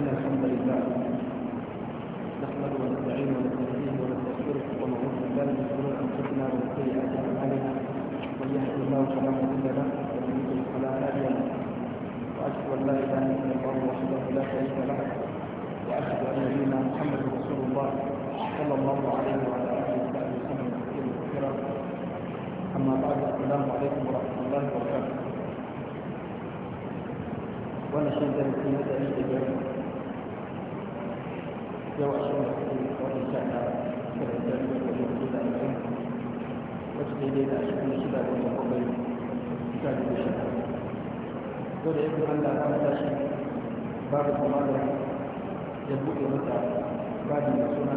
إن الحمد لله نحمد ونستعين ونستهديه ونستغفره ونعوذ بالله من شرور أنفسنا ومن سيئات أعمالنا من يهده الله فلا مضل له ومن يضلل فلا هادي له وأشهد أن لا إله إلا الله وحده لا شريك له وأشهد أن نبينا محمد رسول الله صلى الله عليه وعلى آله وصحبه وسلم تسليما كثيرا أما بعد السلام عليكم ورحمة الله وبركاته وأنا شهد أن في هذا الجواب yau ashirin da kuɗi a watan sha ɗaya da da kuɗi da arba'in wacce daidai da da shida da watan bakwai sha biyu ko da yake ta mata shi babu kuma da ya buɗe mata babu da suna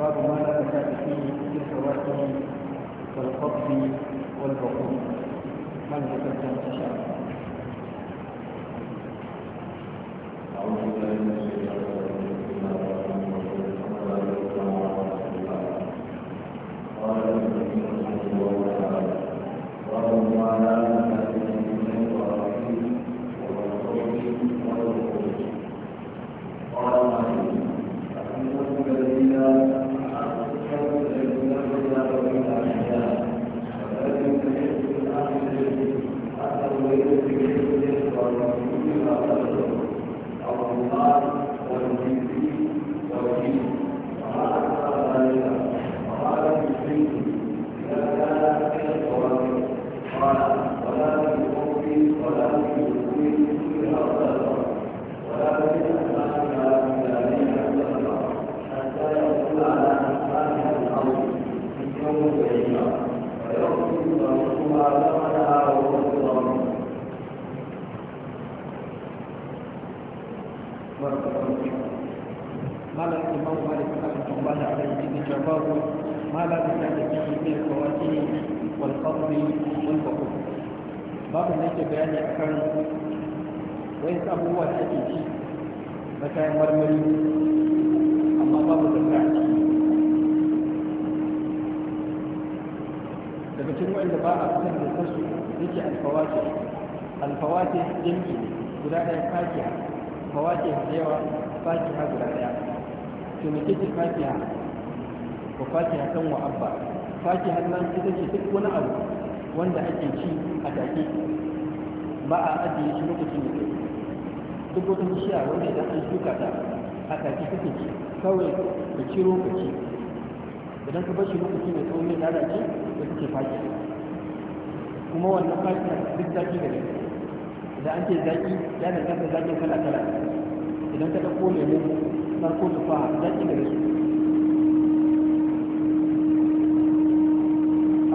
babu ma da ta tafi cikin sawaki التفاوت ما لا بد فيه من الفواكه والقبض والبقول باب da bayani akan wai abubuwa da ake ci na kayan marmari amma babu daga cikin wanda ba a fitar da kansu yake alfawace alfawace jinki guda ɗaya fakiya fawace da yawa fakiya guda ɗaya to me kake fakiya wa fakiha kan wa abba fakiha nan ita ce duk wani abu wanda ake ci a take ba a ajiye shi lokacin da duk wata bishiya wanda idan an shuka ta a take kake ci kawai ka ciro ka ci idan ka bashi lokaci mai tsawon ya lalace da take fakiha kuma wannan fakiha duk zaki da gari idan an ce zaki ya danganta zakin kala kala idan ka ɗauko lemu farko tufa zaki da su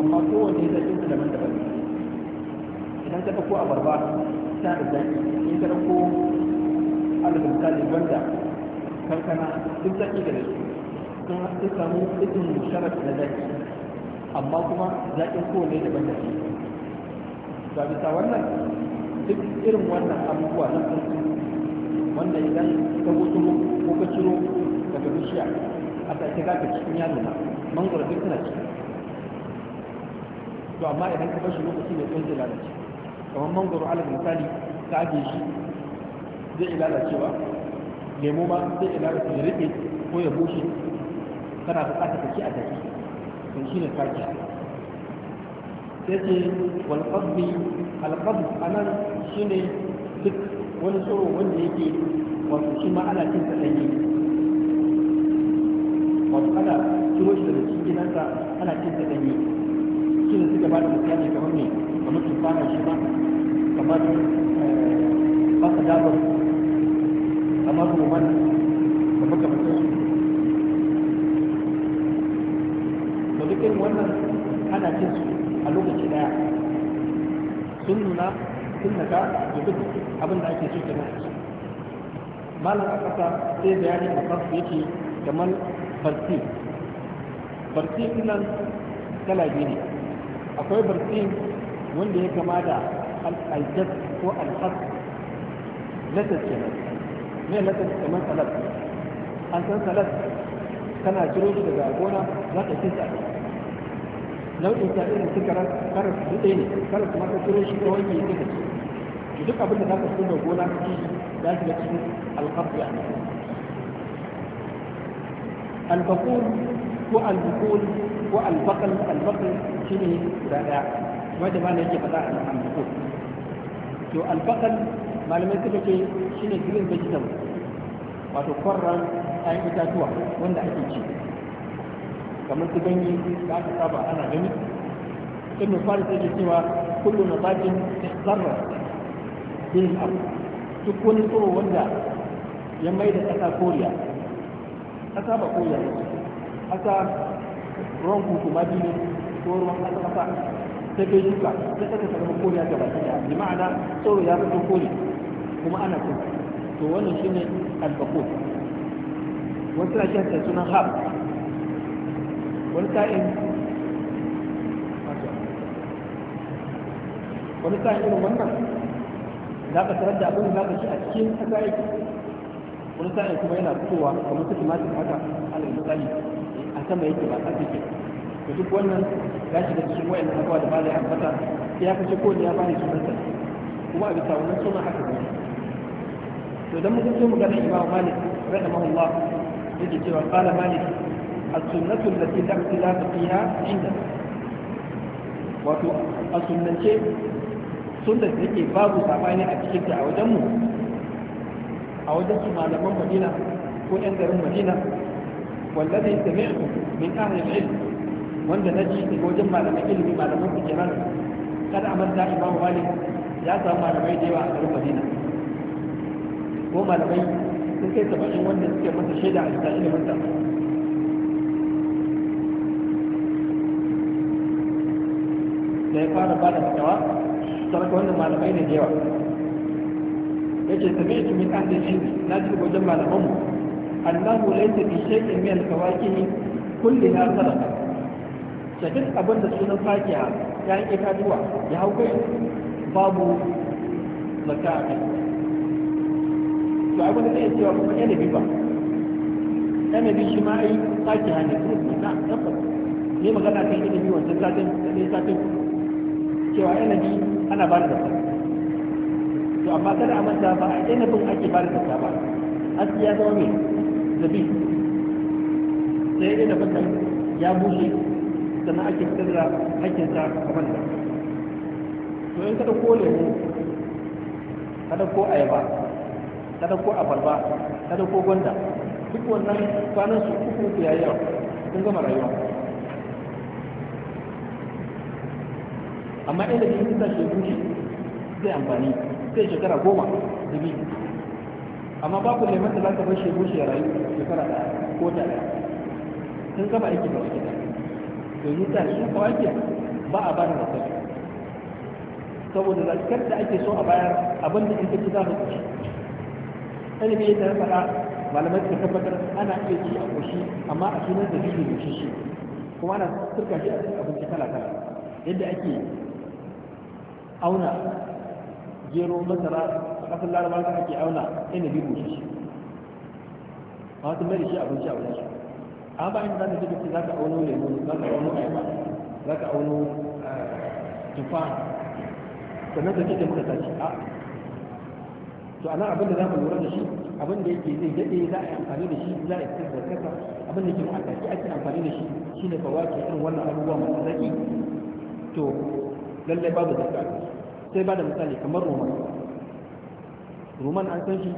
amma kowanne da su daban daban idan ka ɗauko abarba ta da zaki in ka ɗauko alaƙa misali gwanda kankana duk zaki da su sun sun samu ikin sharaf na zaki amma kuma zaƙin kowanne daban daban ba bisa wannan duk irin wannan abubuwa na sun wanda idan ka gutu ko ka ciro daga bishiya a ta ga cikin yaro na mangoro duk suna ciki to amma idan ka bashi lokaci mai tsawo zai lalace kamar mangoro alal misali ka ajiye shi zai iya lalacewa lemo ma zai iya lalace ya rike ko ya bushe kana buƙatar ta ci a jaki to shi ne kaki sai ce wal qabdi al qabd anan shine duk wani tsoro wanda yake wato shi ma ana cin sa danye wato ana ciro shi daga cikin nasa ana cin sa yi. cikin da suka bada kamar ne kamar tufana shi ba, kamar eh, baka dabar kamar roman kamar kamar da dukkan wannan ana cin su a lokaci daya sun nuna sun naka da duk abin da ake so kenan a malam a ƙasa sai bayani a kansu yake kamar farti farti nan kala biyu ne akwai burtsin wanda ya kama da al'ajab ko al'ad latas kenan ne latas kamar salat an san salat kana jiro shi daga gona za ka ci sa nau'in ta irin su karas karas dutse ne karas ma ka jiro shi ta wanke ya kika ci duk abin da za ka fito da gona ka ci za shi al cikin alƙafiya al والبقول al البقل shi ne guda ɗaya kamar da malam yake faɗa a nan an to albakal malamai suka ce shi ne green vegetable wato kwarran ayan itatuwa wanda ake ci kamar su ganye da aka saba ana gani fara faris ke cewa kullu nabatin ihdarra bil ab duk wani tsoro wanda ya mai da ƙasa koriya ƙasa ba koriya ne ƙasa ruwan ma ne ko ruwan ƙasa ƙasa ta kai shuka ta saka ta zama koriya ga baki ɗaya bi ma'ana tsoro ya fito kori kuma ana kuma to wannan shine albako suna na kyan sunan hab wani sa'in wani sa'in irin wannan za ka tarar da abin da za ka ci a cikin ƙasa yake wani sa'in kuma yana fitowa kamar su tumatir haka alal misali a sama yake ba a cikin to duk wannan ya shiga cikin wayan abubuwa da malai ambata sai ya kace ko ya bani sunanta kuma a bisa wannan sunan haka ne to dan mun so mu ga Imam Malik rahimahullah yake cewa qala Malik as-sunnatu allati la ikhtilafa fiha inda wato a sunnance sunna da yake babu sabani a cikin ta a wajen mu a wajen su malaman Madina ko 'yan garin Madina والذي سمعته من أهل العلم wanda na ji daga wajen malaman ilimi malaman fikiran kada a manta imam malik ya samu malamai da yawa a garin madina ko malamai sun kai saba'in wanda suke masa shaida a cikin ilimin ta da ya fara ba da fitawa sarka wannan malamai ne da yawa ya ce sami su min an da shi na ji wajen malamanmu annahu laysa bi shay'in min al kullu kulliha sadaqa da duk abin da sunan fakiya ya yi itatuwa ya hau kai babu zaka a kai to abin da zai cewa kuma yanabi ba yanabi shi ma ai fakiya ne kuma na tabbata ne magana kan yanabi wancan satin da ne satin cewa yanabi ana ba da zaka to amma kada a manta ba a yanabin ake ba da zaka ba aski ya zama mai zabi sai yanabin ya bushe sannan ake fitar da ta kamar da to in ka ko lemu ka ko ayaba ka ko abarba ka ko gwanda duk wannan kwanan su uku ku yayi sun gama rayuwa amma inda ke kusa shi bushe zai amfani sai shekara goma da biyu amma babu lemon da za ka bar shi ya rayu shekara ɗaya ko ta ɗaya sun gama aiki da wasu domin ta su ko ake ba a bada da kai saboda zakar da ake so a bayar abin da in kaci za mu ci ilimi da faɗa malamai suka tabbatar ana iya ci a koshi amma a sunan da jiki ne shi kuma ana turka shi a cikin abinci kala kala yadda ake auna gero masara a ƙasar larabawa ake auna inabi bushe a wata mai da shi abinci a wajen shi a ba inda za ka za ka auno lemu za ka auno ayaba za ka auno eh, tufa sannan ka kike muka tashi a to ana abin da za mu lura da shi abin da yake zai daɗe za a yi amfani da shi za a yi da kasa abin da yake ma'akaki ake amfani da shi shi ne fawaki irin wannan abubuwa masu zaki to lallai babu zaka sai ba da misali kamar roman roman an san shi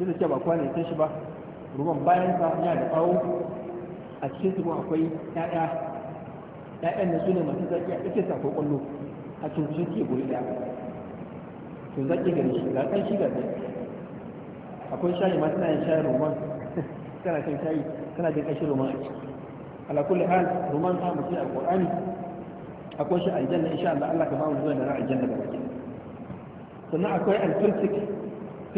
duk da cewa ba kwane san shi ba ruwan bayan sa ya da tsawo a cikin su akwai ƴaƴa ƴaƴan da su ne masu zaki a cikin sa ko a cikin ke guri ɗaya to zaki gare shi ga kan shi ga zaki akwai shayi ma tana yin shayi roman tana kan shayi tana jin ƙashi roman a ciki ala kulli hal roman ta mutu a qur'ani akwai shi aljanna insha Allah Allah ka ba mu zuwa da ra'ajin da baki sannan akwai alfirtik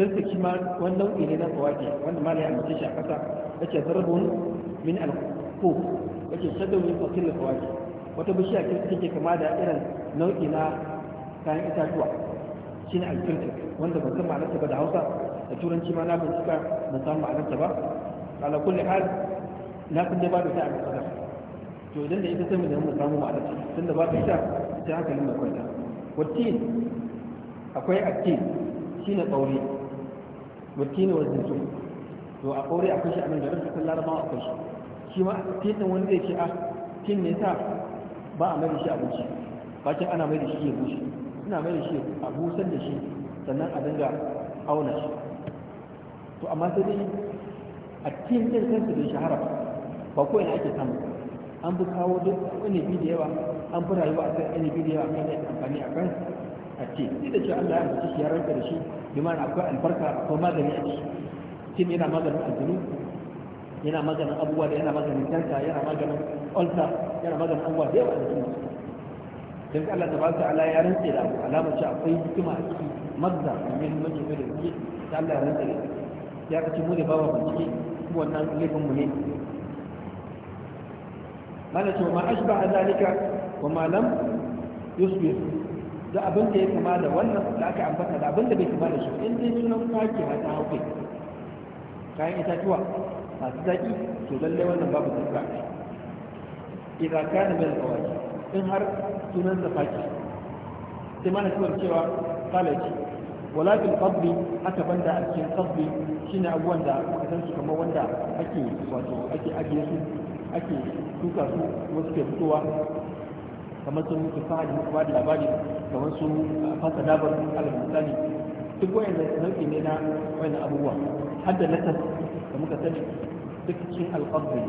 sai shi ma wani nau'i ne na tsawafi wanda malai a mace shi a kasa yake zarbun min alko yake shagar min fasil da tsawafi wata bishiya ce ke kama da irin nau'i na kayan itatuwa shi ne alfirtik wanda ban san ma'anarta ba da hausa da turanci ma na bincika ban san ma'anarta ba ala kulli hal na kun ba da ta a kasar to idan da ita sai mu da mu samu ma'anarta tunda ba ta ita sai hankalin da kwanta wattin akwai aktin ne tsauri wakini wa zinto to a kore a kashi a nan garin kasar larabawa akwai shi shi ma titin wani zai ce a ah, tin ne sa ba a mai da shi abinci bakin ana mai da shi ya bushe Ina mai da shi a busar da shi sannan a dinga auna shi to amma sai dai a tin din kansu bai shahara ba ko ina ake samu an bi kawo duk wani bi da yawa an fi rayuwa a kan wani bi da yawa kan amfani a kansu a ce duk da cewa Allah ya ambaci shi ya ranka da shi bi ma'ana akwai albarka akwai magani a ciki tin yana maganin aljinu yana maganin abubuwa da yana maganin kanka yana maganin ulcer yana maganin abubuwa da yawa a cikin mutum dan Allah tabaraka ta'ala ya rantse da abu alamar cewa akwai hikima a ciki mazza da muhimmanci da gaske da Allah ya rantse da ya kace mu ne ba mu bincike wannan laifin mu ne mana ce ma ashba zalika wa ma lam yusbir da abin da ya kama da wannan da aka ambata da abin da bai kama da shi in dai sunan kwaki ta hauke kayan itatuwa masu zaki to lallai wannan babu zakka idza kana min al in har sunan faki. sai mana kuma cewa kalaci walakin bil qabli aka banda a cikin qabli shine abuwan da aka san su kamar wanda ake wato ake ajiye su ake tuka su wasu ke fitowa kamar sun mutu da muka bada labari kamar sun fasa dabar al-musani duk da nau'i ne na wayan abubuwa har da latas da muka sani duk cikin alqabri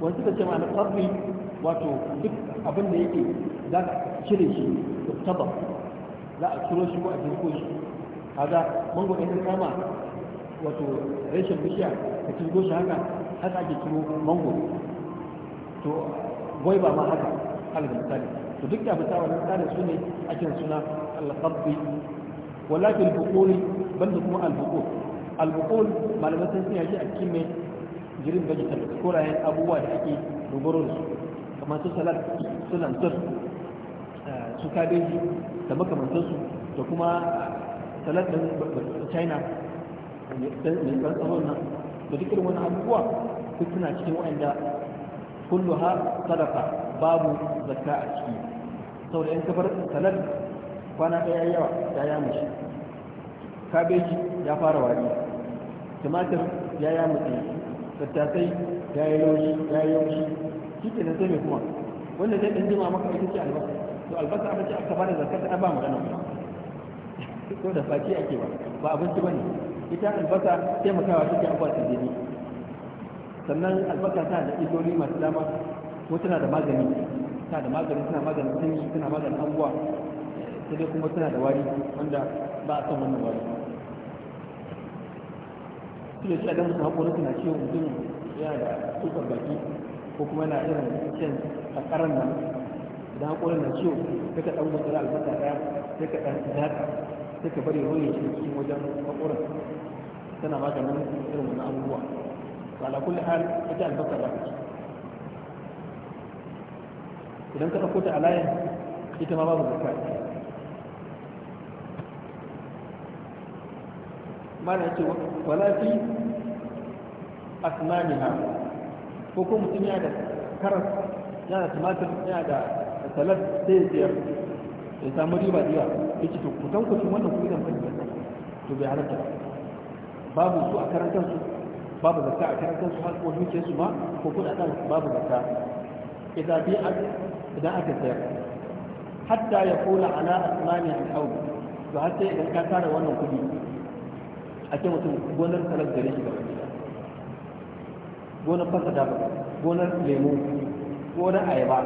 wani suka ce ma'ana qabri wato duk abin da yake za ka cire shi taba za a ciro shi ko a jirko shi kaga mango ɗin kama wato rashin bishiya ka cire shi haka haka ake ciro mango to gwaiba ma haka alal misali to duk da bisa wannan tsarin su ne ake suna al-qabdi walakin al-buqul banda kuma al-buqul malamai buqul malaman sun yi a cikin mai jirin vegetal korayen abubuwa da ake dogaro da su kamar su salat su lantar eh, su kabeji da su da kuma salat ɗin china mai ban tsaron nan da dukkan wani abubuwa duk suna cikin wa'anda kullu ha sadaka babu zakka a ciki saboda in ka bar salad kwana ɗaya yawa ya mushi. kabeji ya fara wari tumatir ya yamutse tattasai ya yi laushi ya yi yaushi shi ke sai mai kuma wanda zai ɗan jima maka ita ce albasa to albasa aka ce aka da zakka ta ba mu kuma ko da faki ake ba ba abinci ba ne ita albasa taimakawa take abuwa ta jini sannan albasa ta da illoli masu dama ko tana da magani tana da magani tana magani maganin sanyi tana magani abubuwa sai dai kuma tana da wari wanda ba a san wannan wari su da shi a dan su na suna ciwo mutum yana da tukar baki ko kuma yana irin a sakaran nan idan haƙorin na ciwo sai ka ɗan gutsura albasa ɗaya sai ka ɗan zaƙa sai ka bari ruwan shi cikin wajen haƙorin tana maganin irin wani abubuwa ba ala kulli hal ita albasa ba ta ci idan ka ɗauko ta a layin ita ma babu zakka mana yake wala fi asnaniha ko ko mutum ya da karas ya da tumatir ya da salad sai siyar ya samu riba diya ya ce to kutan kucin wannan kuɗi ba ne to bai halatta babu su a karantar su babu zakka a karantar su har ko su ma ko kuɗaɗen babu zakka idan bi idan aka sayar hatta ya kula ala asmani al-hawl to har sai idan ka tara wannan kudi a ce mutum gonar salar gare shi gaba gonar fasa da gonar lemu gonar ayaba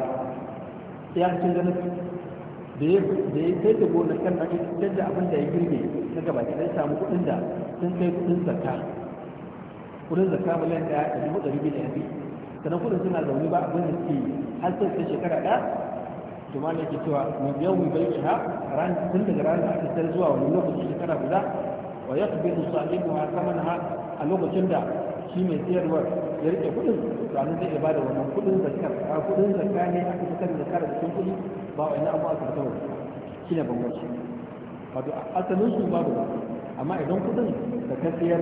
ya cikin ganin da ya sai da gonar kan da idan da abin da ya girbe na gaba ki sai samu kudin da sun kai kudin zakka kudin zakka miliyan ɗaya da dubu ɗari biyu da yanzu sannan kudin suna zaune ba abin da suke yi har sai ta shekara ɗaya to ma ne ke cewa mu yau mu bai ha ran tun daga ran aka sayar zuwa wani lokaci shekara guda wa ya tabi su sa'ibu ha saman ha a lokacin da shi mai sayarwar ya rike kuɗin to anan zai ba da wannan kuɗin zakar a kuɗin zakka ne aka fitar da zakar da kudi ba wani abu aka fitar da shi ne bambanci wato asalin su babu ba amma idan kudin da ka sayar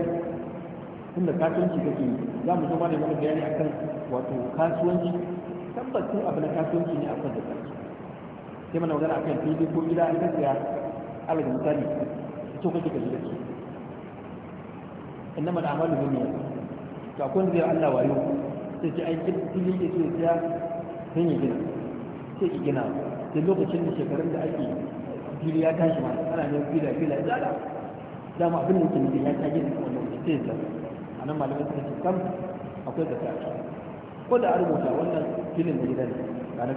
tun da kasuwanci kake yi za mu zo ma ne wani bayani akan wato kasuwanci tabbacin abu na kasuwanci ne a kan da sarki sai mana wajen akan fili ko gida siya kasiya alal misali to kake kaji da su mana al'amalu bin niyyat to akwai zai Allah wayo sai ce aikin fili ke so ya sai ya gina sai ki gina da lokacin da shekarun da ake fili ya tashi ma ana ne fila fila ya tsada dama abin da ke ya ta gina wani sai ya a nan malamai sun ce kam akwai zakka ko da a rubuta wannan filin da gidan ba na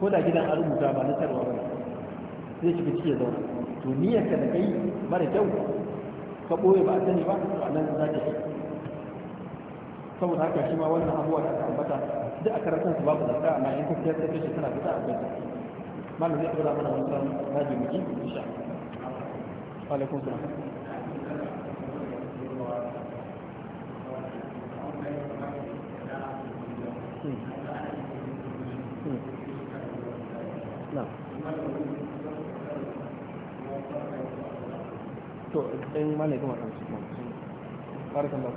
ko da gidan an rubuta ba na tarwa ba zai shiga ciki ya zauna to niyyarka da kai mara kyau ka ɓoye ba a sani ba to a nan za ta yi saboda haka shi ma wannan abubuwa da aka ambata duk a karatun su babu zarta amma in fiyar da kashi tana fita a gaba malam zai ɗora mana wani ran rabi mutum insha Allah alaikum salam to ɗan malai kuma ɗan cikin barkan ba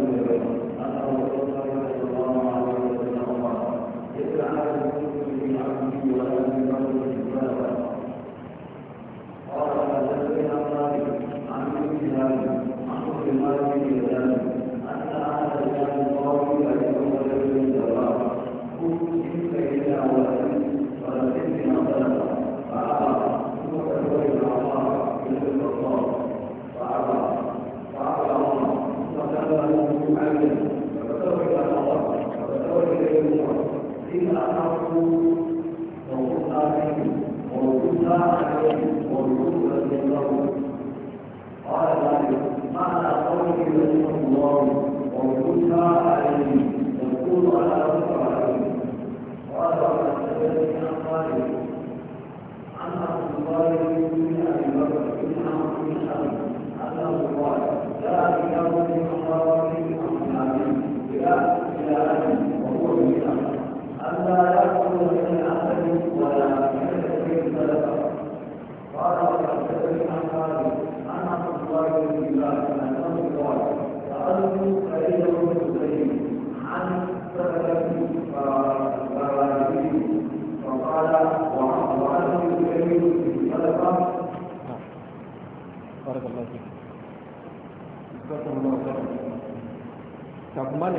Thank you. you love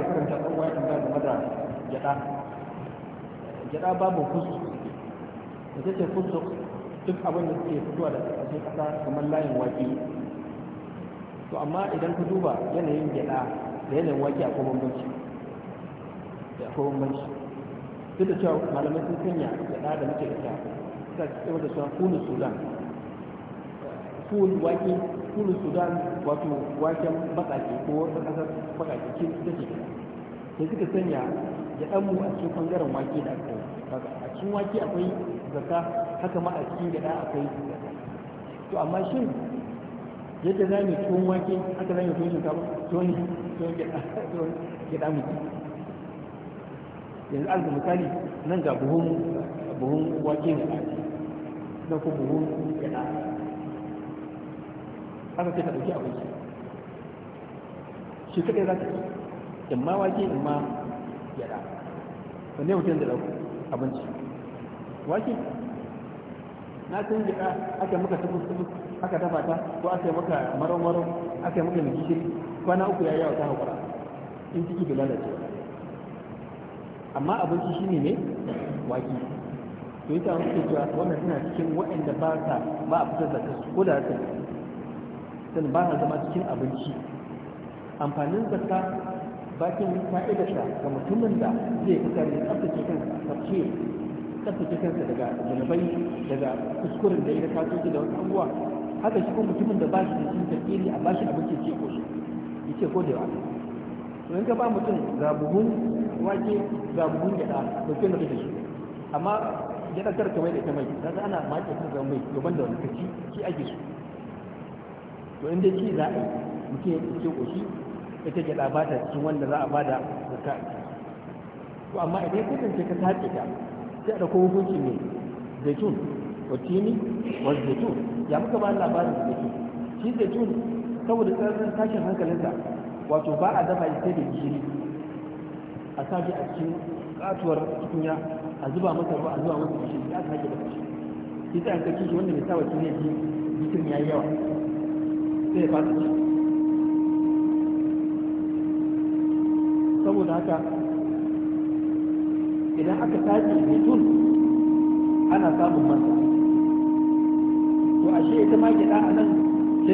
ya karanta ɗan waya tambaya game da gyaɗa gyaɗa babu kusu da ta ce kusu duk abin da suke fitowa da ƙarƙashin ƙasa kamar layin waƙi to amma idan ka duba yanayin gyaɗa da yanayin waƙi akwai bambanci da akwai bambanci duk da cewa malamai sun sanya gyaɗa da muke ita suka kewa da suna kunu sudan kun wake kun sudan wato waken bakaki ko wata kasar bakaki ce ta ce sai suka sanya ya mu a cikin ɓangaren wake da aka kaga a cikin wake akwai zaka haka ma a cikin gyaɗa akwai zaka to amma shin yadda za mu tuwon wake haka za mu tuwon shinkafa tuwon tuwon gyaɗa mu yanzu alga misali nan ga buhun buhun wake ne da ko buhun gyaɗa aka ce ka ɗauki abinci shi kaɗai za ka ci in ma wake in ma gyaɗa wanne mutum da ɗauko abinci wake na san gyaɗa aka maka tubus tubus aka dafa ta ko aka yi maka maron maron aka yi maka mai gishiri kwana uku ya yi yawa ta haƙura in ciki bai lalace amma abinci shi ne ne wake to yi ta wasu cewa wannan suna cikin waɗanda ba sa ba a fitar da kasu ko da haka sun ba na zama cikin abinci amfanin zakka bakin fa'idarsa ga mutumin da zai fitar da tsaftace kansa tsaftace tsaftace kansa daga zunubai daga kuskuren da ya kaso da wasu abubuwa haka shi ko mutumin da ba shi da cikin tafiye a bashi abinci ce ko shi ya ce ko da yawa to yanka ka ba mutum ga buhun wake ga buhun da to kin da shi amma gyada kar ka mai da ta mai kaga ana maƙe kan ga mai gaban da wani kaci shi ake so to inda ce za a yi mutum ya tsince ƙoshi ita gyaɗa ba ta cikin wanda za a ba da zakka to amma idan ya kasance ka tace ta sai a kowa hukunci ne zaitun wacce tini wa zaitun ya muka ba labarin zaitun shi zaitun saboda tsarin tashin hankalinsa wato ba a dafa sai da jiri a sake a cikin katuwar tukunya a zuba masa ruwa a zuba masa shi ya sake da kashi shi ta an kashi shi wanda mai sa wa tini ya bitin ya yi yawa sai ba fata ciki saboda haka idan aka tashi zaitun ana samun manta to ashe ita ma gida a nan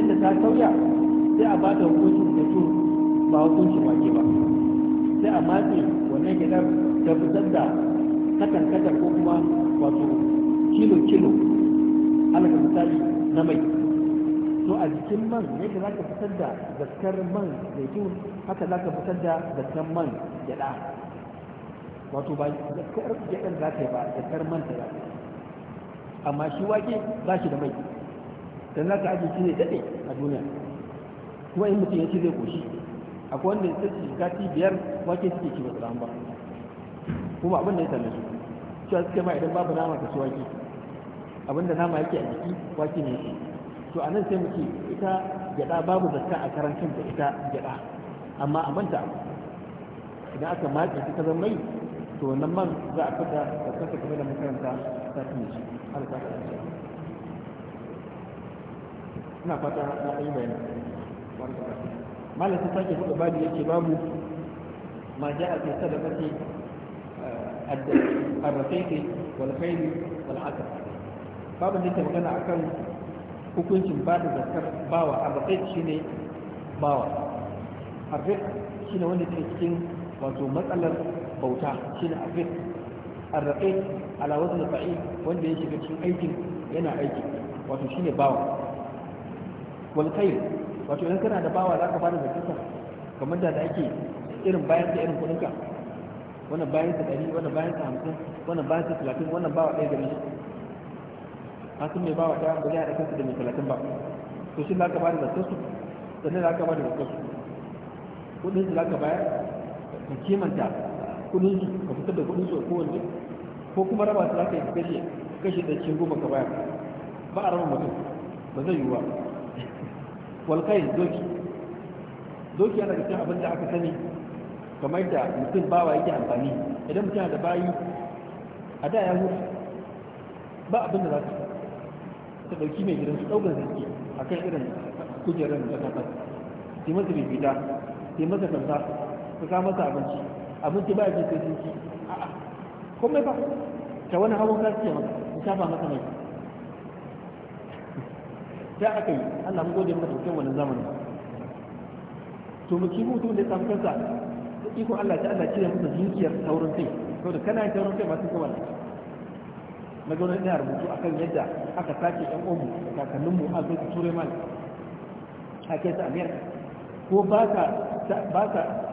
da ta sauya sai a ba ta hukuncin zaitun ba hukuncin wake ba sai a matse wannan gidan ta fitar da katankatar ko kuma wato kilo-kilo alaka misali na mai to a jikin man yadda za ka fitar da zaskar man zaitun haka za ka fitar da zaskar man gyaɗa wato ba zaskar ya za ka yi ba zaskar man ta yi amma shi wake ba shi da mai dan za ka ajiye shi ne daɗe a duniya kuma in mutum ya ci zai koshi akwai wanda ya ci kati biyar wake suke ci ba su ba kuma abin da ya same su cewa suke ma idan babu nama ka ci wake Abinda nama yake a jiki wake ne yake to anan sai muke ita gyada babu zakka a karancin da ita gyada amma a manta idan aka maki ta zan mai to wannan man za a fita da kasa game da makaranta ta tuni shi har ta kasance ina fata na yi bayani malam ta sake buɗe babu yake babu ma ja'a fi sadaqati الرفيق والخيل والعسل Babu اللي انت magana akan hukuncin ba da zakar bawa bakai shi ne bawa arba'in shi ne wanda ke cikin wato matsalar bauta shi ne arba'in a ala wasu fa'i wanda ya shiga cikin aikin yana aiki wato shi ne bawa walkai wato idan kana da bawa za ka ba da zakarsa kamar da ake irin bayan da irin kudinka wannan bayan sa ɗari wannan bayan sa hamsin wannan bayan sa talatin wannan bawa ɗaya gari hasin mai bawa ta ba zai haɗa kansu da mai talatin ba to shi za ka ba da zartarsu sannan za ka ba da zartarsu kudin su za ka bayar ka kimanta kudin su ka fitar da kudin su a kowanne ko kuma raba su za ka yi kashe kashe da cikin goma ka bayar ba a raba mutum ba zai yiwu ba walkai doki doki yana da cikin abin da aka sani kamar da mutum bawa yake amfani idan mutum da bayi a da ya hutu ba abin da za ka ta ɗauki mai su ɗaukar zaki a kan irin kujerar da ta kasa sai masa bai fita sai masa kanta ta sa masa abinci abinci ba a ji sai sunci a'a komai ba ta wani hawan kasiya maka ta shafa masa mai ta aka yi Allah mu gode masa kyau wani zamani to mu ci mutum da samu kansa iko Allah ta Allah cire masa jinkiyar taurin kai da kana taurin kai masu kowa na zo na rubutu akan yadda aka sake ɗan uwanmu da kakanninmu a zai turai mani a kai ta amerika ko ba ka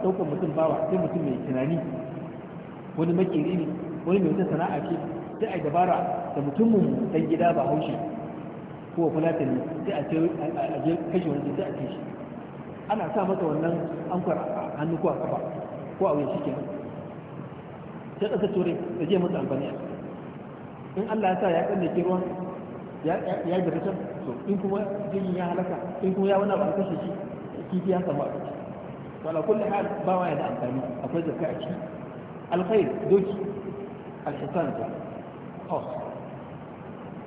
ɗaukar mutum bawa sai mutum mai tunani wani makeri ne wani mai wata sana'a ce sai a dabara da mutumin ɗan gida ba haushe ko ne sai a je kashe wani sai a ce shi ana sa masa wannan ankwar a hannu ko a kafa ko a wuyan shi nan. sai ƙasa turai da je masa albaniya in Allah ya sa ya tsallake ruwan ya ya gaba can to in kuma jirgin ya halaka in kuma ya wani ba kashe shi kifi ya samu a ciki wala kulli hal ba wa ya da amfani akwai zakka a ciki alkhair doki alhisan ta horse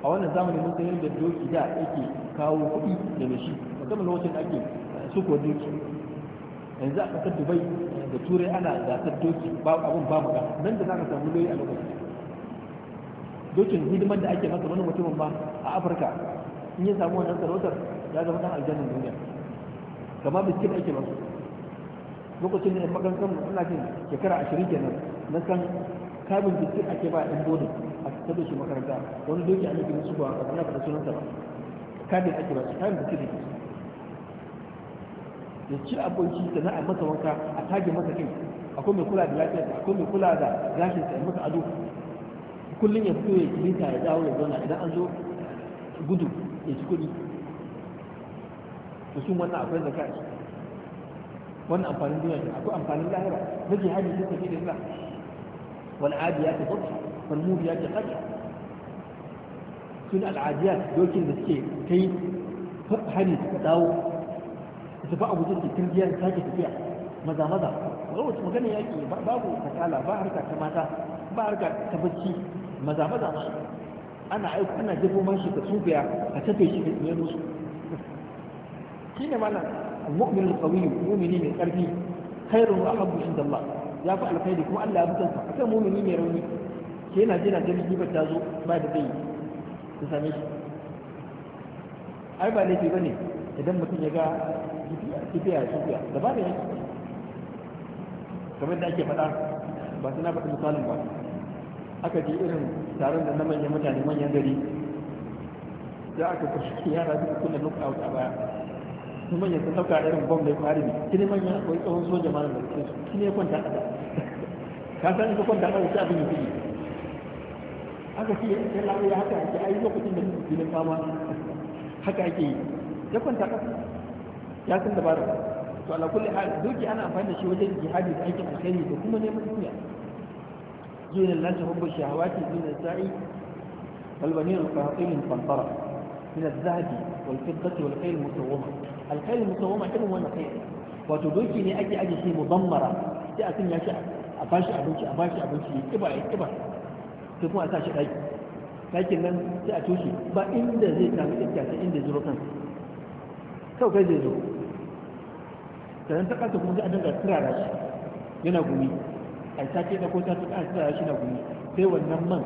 a wannan zamanin mun san da doki da yake kawo kuɗi da mashi musamman lokacin da ake suko doki yanzu a ƙasar dubai da turai ana gasar doki abun ba mu nan da za ka samu loyi a lokacin dokin hidimar da ake masa wani mutumin ba a afirka in ya samu wannan sarautar ya zama dan aljannan duniya kamar biskit ake masa lokacin da yan magankan ina cin shekara ashirin kenan na san kabin biskit ake ba yan bodin a ta da shi makaranta wani doki a nufin su kuwa a da sunansa ba kabin ake ba su kabin biskit ake ya ci abinci da a masa wanka a tage masa kai akwai mai kula da lafiyarsa akwai mai kula da gashinsa ya masa ado kullum ya fito ya kilita ya dawo ya zauna idan an zo gudu ya ci kudi to sun wannan akwai zaka shi wannan amfanin duniya shi akwai amfanin lahira na jihadi sun tafi da wani sa kwa wani mubi ya mudiyat qadha sun al'adiyya dokin da suke kai hari suka dawo su tafi abu da kirgiya su sake tafiya maza maza wani wata magana yaki babu kasala ba harka ta mata ba harka ta bacci maza maza ma ana aiko ana jefo man shi ka tsubiya ka tafe shi ka tsaye musu shine mana mu'min al-qawi mu'mini mai karfi khairun wa habbu inda Allah ya fi alkhairi kuma Allah ya fi kansa akan mu'mini mai rauni ke yana jira da riba ta zo ba da zai ta same shi ai ba laifi bane idan mutum ya ga kifiya kifiya da ba da yake kamar da ake faɗa ba su na faɗi misalin ba aka ji irin taron da na manyan mutane manyan gari da aka kashe yara duka kunna knock out a baya su manyan sun dauka irin bom da ya fari ne shi ne manya akwai tsohon soja mara da su shi ne kwanta a ka san ka kwanta a wuce abin yi aka fiye ya lawo ya haka ake ayi lokacin da suke filin fama haka ake yi ya kwanta a ya san dabara to ala kulli hal doki ana amfani da shi wajen jihadi da aikin alkhairi da kuma neman duniya زين الناس حب الشهوات من السعي والبنين القهطين القنطرة من الذهب والفضة والخيل المسومة الخيل المسومة كم هو خيل وتدوكي لأجي أجي شيء مضمرة تأتي يا شعب أباشي أبنشي أباشي أبنشي إبع إبع تكون أساشي أي لكن لن تأتوشي فإن ذا زي كان إبتاك إن ذا زرطان كيف زي زرطان sannan ta kasa kuma sai a dinga turara shi yana gumi a ta ke ko ta tuka a shi na gumi sai wannan man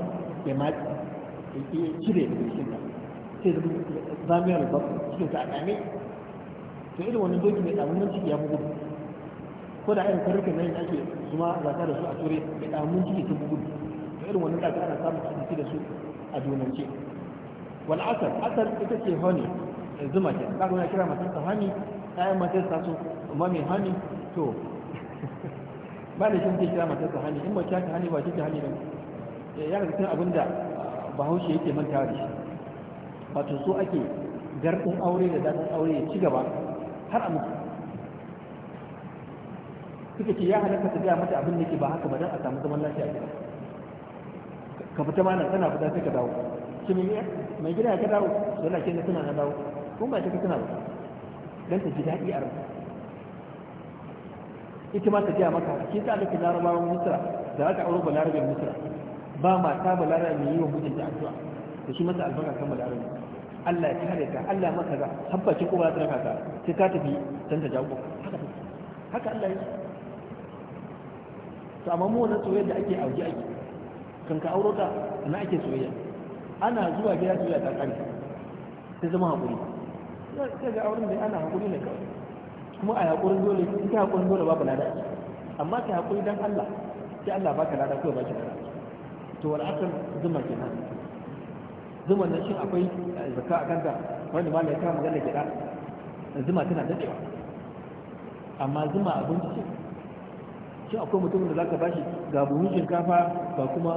ya matsi ya cire da cikin nan sai zama zamiyar babu cikin sa a kame to irin wannan doki mai tsamunan ciki ya bugu ko da irin karnukan nan ake zuma a zaka da su a ture mai tsamunan ciki sun bugu to irin wannan zaka ana samun ciki da su a junance wal asar asar ita ce honey eh, zuma ce kaga na kira matarsa honey yi matarsa su mami honey to ba ne shin kira matar ta hani in mace ta hani ba ta hani ba eh, ya ga cikin abin da ah, bahaushe yake manta da shi wato so ake garɗin aure da dadin aure ya ci gaba har a mutu suka ce ya halatta ta gaya mata abin da ke ba haka ba don a samu zaman lafiya gida ka fita mana kana fita sai ka dawo shi mai gida ya ka dawo yana ce na suna na dawo kuma ba ta ka suna ba don ta ji daɗi a rana ita ma ta gaya maka shi ta aka larabawan musra da aka auro balarabin musra ba mata balarabin mai yi wa mijinta addu'a da shi masa albarka kan balarabin Allah ya kare ka Allah ya maka ga habbacin ko ba ta ka sai ka tafi san ta jago haka Allah ya to amma mu wannan soyayya da ake auji ake kan ka auro ka na ake soyayya ana zuwa gida soyayya ta kanta sai zama hakuri sai ga auren da ana hakuri ne kawai kuma a haƙurin dole in ka haƙurin dole babu lada amma ka haƙuri dan Allah sai Allah baka lada ko baki lada to wal asal zuma kenan zuma nan shi akwai eh, zakka a kanta wanda ma ya kama magana gida zuma tana dadewa amma zuma abinci ce shi akwai mutumin da zaka bashi ga buhun shinkafa ba kuma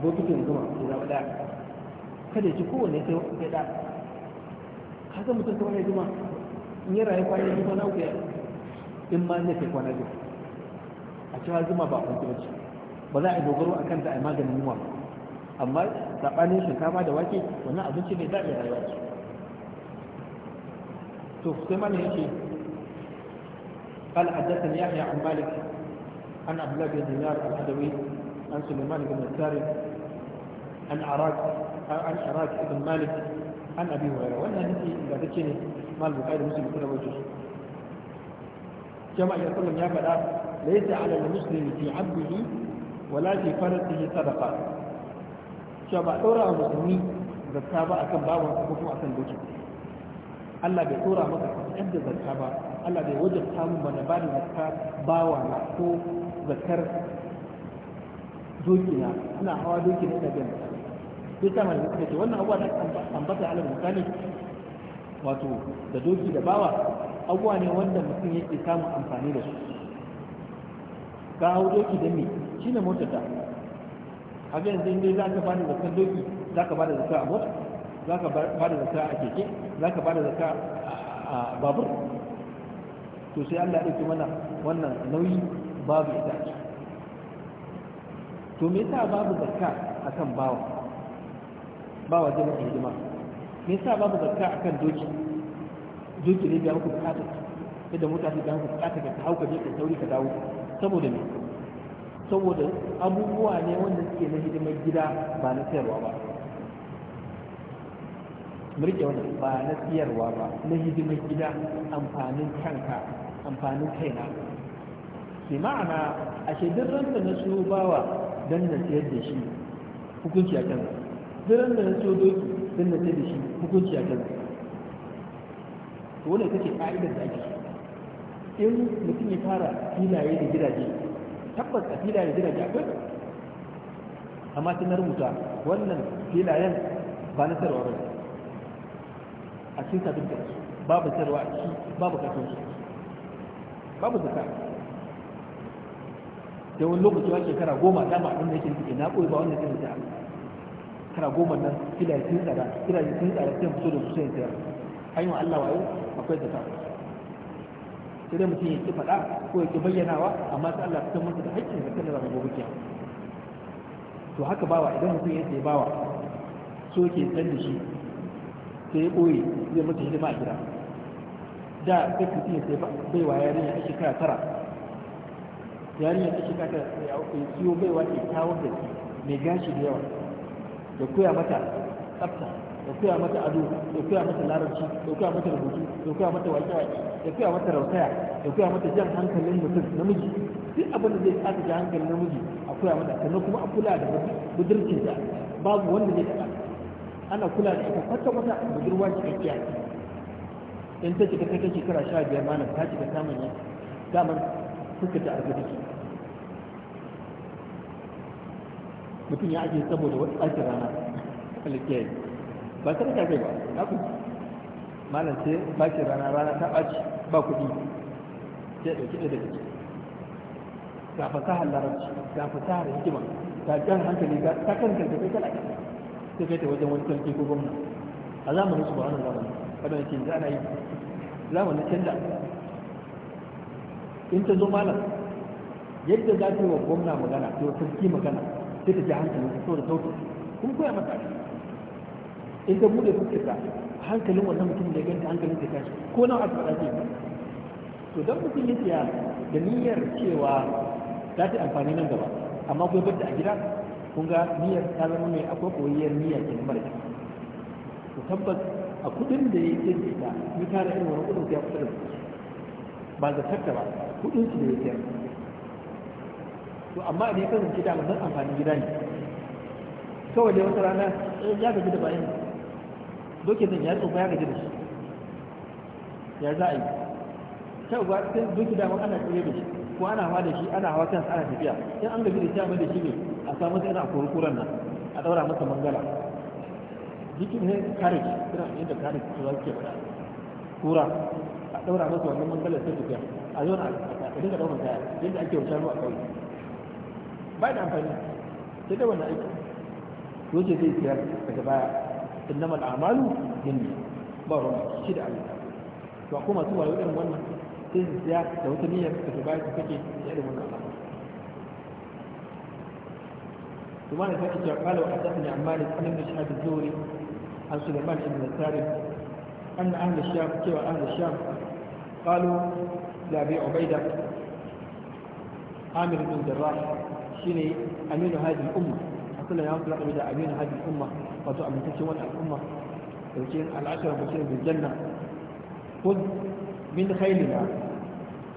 bokitin zuma ko zaba daya kada ya ci kowanne sai ɗaya kaga mutum kawai zuma yin rayu kwanan jiko na wuya in ma nake kwana biyu a cewa zuma ba kun kimanci ba za a yi dogaro a kanta a maganin yunwa ba amma saɓanin shinkafa da wake wani abinci ne za a yi rayuwa ce to sai mana ya yake al'adata ya yahya an malik an abdullahi bin dinar al adawi an suleiman bin nasari an arak an arak ibn malik an abi wani wannan yake ta take ne mal bukari muslim kuma wato jama'a ya sallam ya faɗa laysa ala al-muslim fi 'abdihi wala fi faratihi sadaqa cewa ba ɗora wa musulmi zakka ba akan bawansa ko kuma akan dokin Allah bai ɗora maka kan da zakka ba Allah bai wajabta mun bana ba da zakka bawa na ko zakkar doki na ina hawa doki na ina biyan zakka duk ta mai zakka ce wannan abuwa da ambata alal misali wato da doki da bawa abuwa ne wanda mutum yake samun amfani da su ka hau doki da me shi ne motar ta haka yanzu inda za ka bada zakar doki za ka bada zakar a mota za ka bada zakar a keke za ka bada zakar a babur to sai Allah ya ɗauki mana wannan nauyi babu ita to me yasa babu zakka akan bawa bawa jama'a hidima me yasa babu zakka akan doki doki ne biya muku bukata yadda mutane da muku bukata ka ta hauka je ka sauri ka dawo saboda me saboda abubuwa ne wanda suke na hidimar gida ba na sayarwa ba murke wannan ba na siyarwa ba na hidimar gida amfanin kanka amfanin kaina ke ma'ana a shaidar ranta na su bawa don na siyar da shi hukunci a kan duk ranta na su doki sun na da shi hukunci a kaza to wannan ita ce ka'idar da ake in mutum ya fara filaye da gidaje tabbas a filaye da gidaje akwai amma sai na rubuta wannan filayen ba na sarwa ba a cikin sabin da babu sarwa a ciki babu kasuwanci babu zaka da wani lokaci wa shekara goma dama abin da yake na koyi ba wannan irin da kana goma nan kila sun tsara, kila sun tsara sai fito da su sai sayar hanyar Allah wayo akwai zata sai dai mutum ya ki faɗa ko ya ki bayyanawa amma sai Allah ya fitar masa da haƙƙin da kana zama gobe kiya to haka bawa idan mutum ya sai bawa so ke san da shi sai ya ɓoye zai mata hidima a gida da sai mutum ya sai baiwa yarinya a shekara tara yarinya a shekara tara ya siyo baiwa ke kyawun da mai gashi da yawa da koya mata tsafta da koya mata ado da koya mata larabci da koya mata rubutu da koya mata waƙe-waƙe da koya mata rautaya da koya mata jan hankalin mutum namiji duk abin da zai tsaka jan hankalin namiji a koya mata sannan kuma a kula da budurcin ta babu wanda zai taɓa ana kula da ita kwata-kwata budurwa cikakkiya in ta cika ta kai shekara sha biyar ma ta cika samun daman suka ta arziki mutum ya ajiye saboda wata tsakin rana yi ba ta rika kai ba na ku malam sai bakin rana rana ta ɓaci ba kuɗi sai ɗauki ɗaya daga ciki ga fasahar larabci ga fasahar hikima ga jan hankali ga ta kan kanta kai kala sai kai ta wajen wani sarki ko gwamna a zamanin su ba wani zamani kada ne ke za a yi zamanin canza in ta zo malam yadda za ta yi wa gwamna magana ta yi wa sarki magana sai ta ji hankali ta saboda sautin kun koya masa mata in ta bude ta hankalin wannan mutum da ganta hankalin ta tashi ko nawa aka faɗa ce to dan mutum ya tsaya da niyyar cewa za ta amfani nan gaba amma kuma bar a gida kun ga niyyar ta zama mai akwai koyiyar niyya ke mara ta. to tabbas a kudin da ya ke ta mutane irin wani kudin ya kusa da ba da sakka ba kudin su da ya sayar to amma idan ya kasance da amsan amfanin gida ne kawai dai wata rana ya gaji da bayan doke zan ya tsofa ya gaji da shi ya za a yi kawai ba sai doke da ana tsaye da shi ko ana hawa da shi ana hawa kansa ana tafiya in an gaji da shi amma da shi ne a samu sai ana kurkuren nan a daura masa mangala jikin ne karik suna yadda karik su kare shi ke faɗa kura a daura masa wannan mangala sai tafiya a yau na a dinga daura kaya yadda ake wa shanu a ƙauye ba da amfani sai da wannan aiki wace zai siyar daga baya innama al'amalu jinni ba ruwa shi da Allah to ko masu wayo irin wannan sai su siya da wata niyyar daga baya su kake ya irin wannan al'amari ثم أنا فاكت قال وحدثني عن مالك عن ابن شهاب الزهري عن سليمان بن الثالث أن أهل الشام كيف أهل الشام قالوا لأبي عبيدة عامر بن جراح shine aminu hadin umma asalin ya kula da aminu hadin umma wato amintaccen wani al'umma dauke al'ashara bashirin bil janna kun min khailina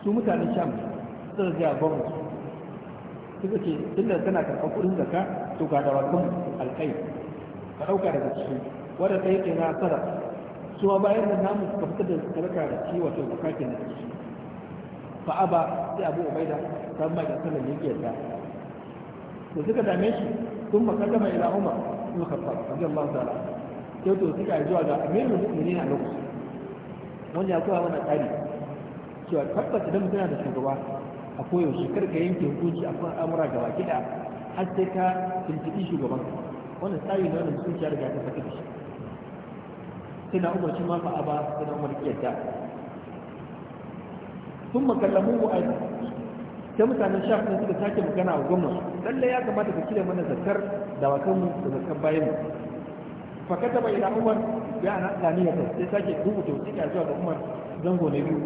su mutanen sham suka ga gwamnati suka ce tun tunda tana karɓar kuɗin zakka to ga dawakan alkai ka ɗauka daga ciki wadda ta yake na Su ma bayan da namu ka fitar da sadaka da shi wato zakatin da shi fa aba sai abu ubaida san mai da sallan yake yadda to suka dame shi sun makaddama ila umar ibn khattab radiyallahu ta'ala sai to suka yi zuwa ga amirul mu'minin a lokacin Wani ya koya mana tsari cewa tabbata idan mutum da shugaba a koyaushe kar ka yanke hukunci a kan amura gaba kiɗa har sai ka tuntuɓi shugaban wannan tsari ne wannan mutum ya riga ta saka da shi sai na umar shi ma fa'a ba sai na umar kiyarta sun makallamu mu'ayyana ta mutanen shafin ne suka sake magana a gwamna lalle ya kamata ka kire mana zakar da wakan da zakar bayan fa ta bai da umar ya ana tsaniya ta sai sake rubuta a zuwa ga umar zango na biyu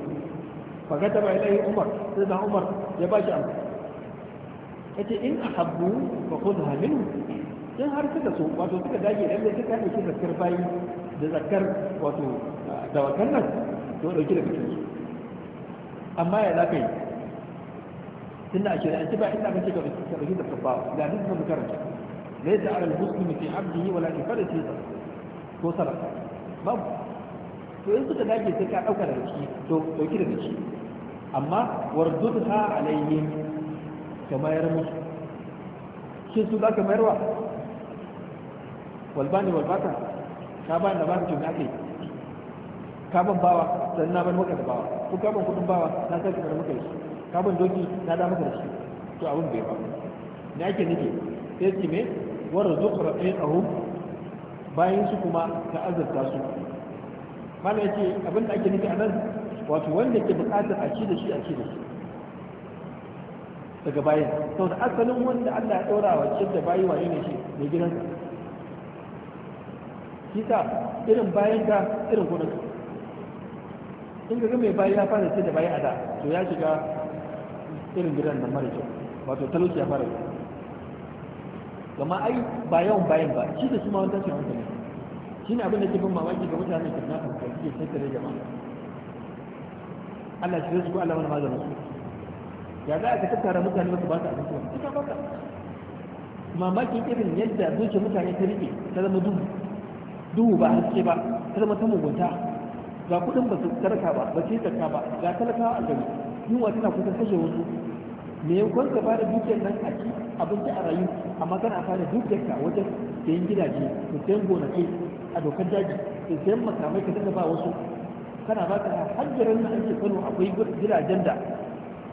fa ta bai lai umar sai da umar ya ba shi amsa yace in ahabbu fa khudha minhu in har suka so wato suka dage lalle suka yi zakar bayi da zakar wato da wakan nan to dauki da cikin amma ya lafiya tunda a shari'ance ba inda kace ka baki da kafawa ga duk mun karanta laysa ala al-muslimi fi 'abdihi wala fi fardihi ko sadaka babu to in suka dage sai ka dauka daga ciki to dauki daga ciki amma wardudha alayhim ka mayar mu shin su za ka mayarwa walbani walbata ka ba da baka tun ake ka ban bawa sannan ban maka da bawa ko ka ban kudin bawa na sai ka bar maka shi kabin doki na da maka da shi to abin bai ba ne ake nufi sai ce me warra zuƙura ɗaya ƙahu bayan su kuma ka azurta su mana ya ce abin da ake nufi a nan wato wanda ke buƙatar a ci da shi a ci da shi daga bayan sau da asalin wanda allah ya ɗora wa ciyar da bayi wane ne shi mai gidansa kisa irin bayan ka irin ka. in ga mai bayi ya fara ce da bayi a da to ya shiga irin gidan da mara kyau wato talauci ya fara yi gama ai ba yawan bayan ba shi da su ma wani tashin hankali shi ne abin da ke bin mamaki ga mutane da na da suke tattare jama'a Allah shi zai ko Allah mana maganin su ya za a ka tattara mutane masu ba su abin kuma ita ba mamakin irin yadda zuciya mutane ta rike ta zama duhu duhu ba haske ba ta zama ta mugunta ga kudin ba su tarka ba ba ce tarka ba ga talakawa a gari yunwa tana kusan kashe wasu me yankon ka da dukiyar nan a ci abinci a rayu amma kana fara dukiyar ka wajen sayan gidaje da sayan gonakai a dokar daji da sayan makamai ka dinga ba wasu kana ba ka hajjarar na ake kano akwai gidajen da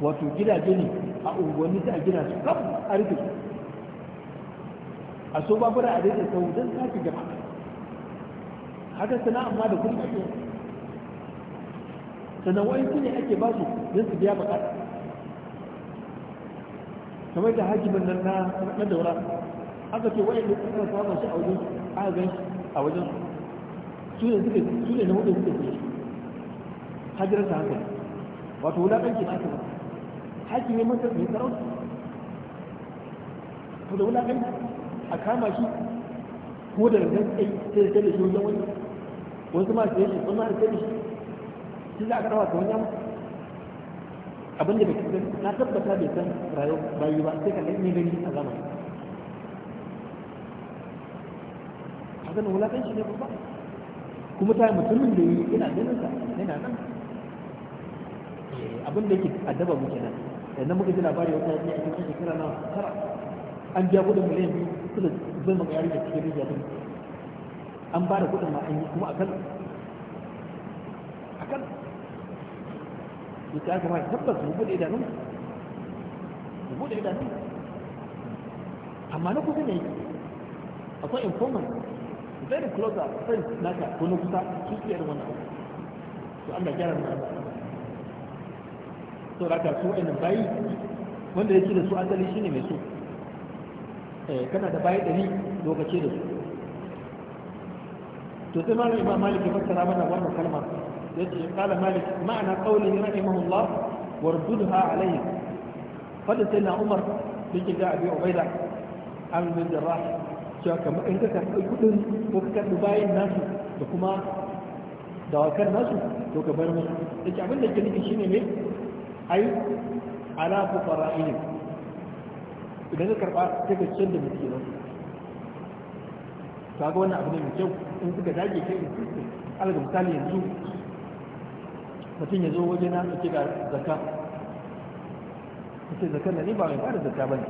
wato gidaje ne a unguwanni za a gina su kam a rufe a so ba bura a daidai sau don sake jama'a haka sana'a amma da kuma ake sannan wa'ansu ne ake ba su don su biya bukata kamar da hakimin nan na daura aka ce da suka samun shi a wajen aka gan shi a wajen su ne suka su ne na hudu suka ce shi hajjirar ta hankali wato wulaƙanci na aka ba ne masa mai sarauta to da wulaƙanci a kama shi ko da gangan tsaye sai da shi wajen wani wasu ma sai shi wasu ma sai shi shi za ka rawa ta wajen abinda bai cikin na tabbata bai san rayuwa bayi ba sai ka ɗan yi gani a zamani hakan wulakan shi ne ba kuma ta mutumin da yi ina ganin sa yana nan eh, abin da yake addaba muke nan, da muka ji labari wata ya a cikin shekara na tara an biya kuɗin miliyan biyu suka zai maka yari da cikin rijiya din an ba da kuɗin ma an yi kuma akan akan su ta kama tabbas su bude idanun su bude idanun amma na kusa ne akwai informant very close friend naka ko na kusa su su yi wannan to Allah gyara mu Allah to raka su wa'annan bayi wanda ya yake da su asali shine mai so eh kana da bayi dari lokaci da su to sai malamin imam malik fassara mana wannan kalmar yace qala malik ma'ana qawli rahimahullah wardudha alayhi fadda sai na umar yake ga abi ubaida amir bin jarrah cewa kamar in ko ka karɓi bayan nasu da kuma dawakan nasu to ka bar yake abin da ke nufi shine ne ai ala fuqara'in idan ka karɓa sai ka ciyar da miskinan to ga wannan kyau in suka dage kai misali yanzu mutum ya zo waje na ce ga zaka ce zaka na ni ba mai bada zaka ba ne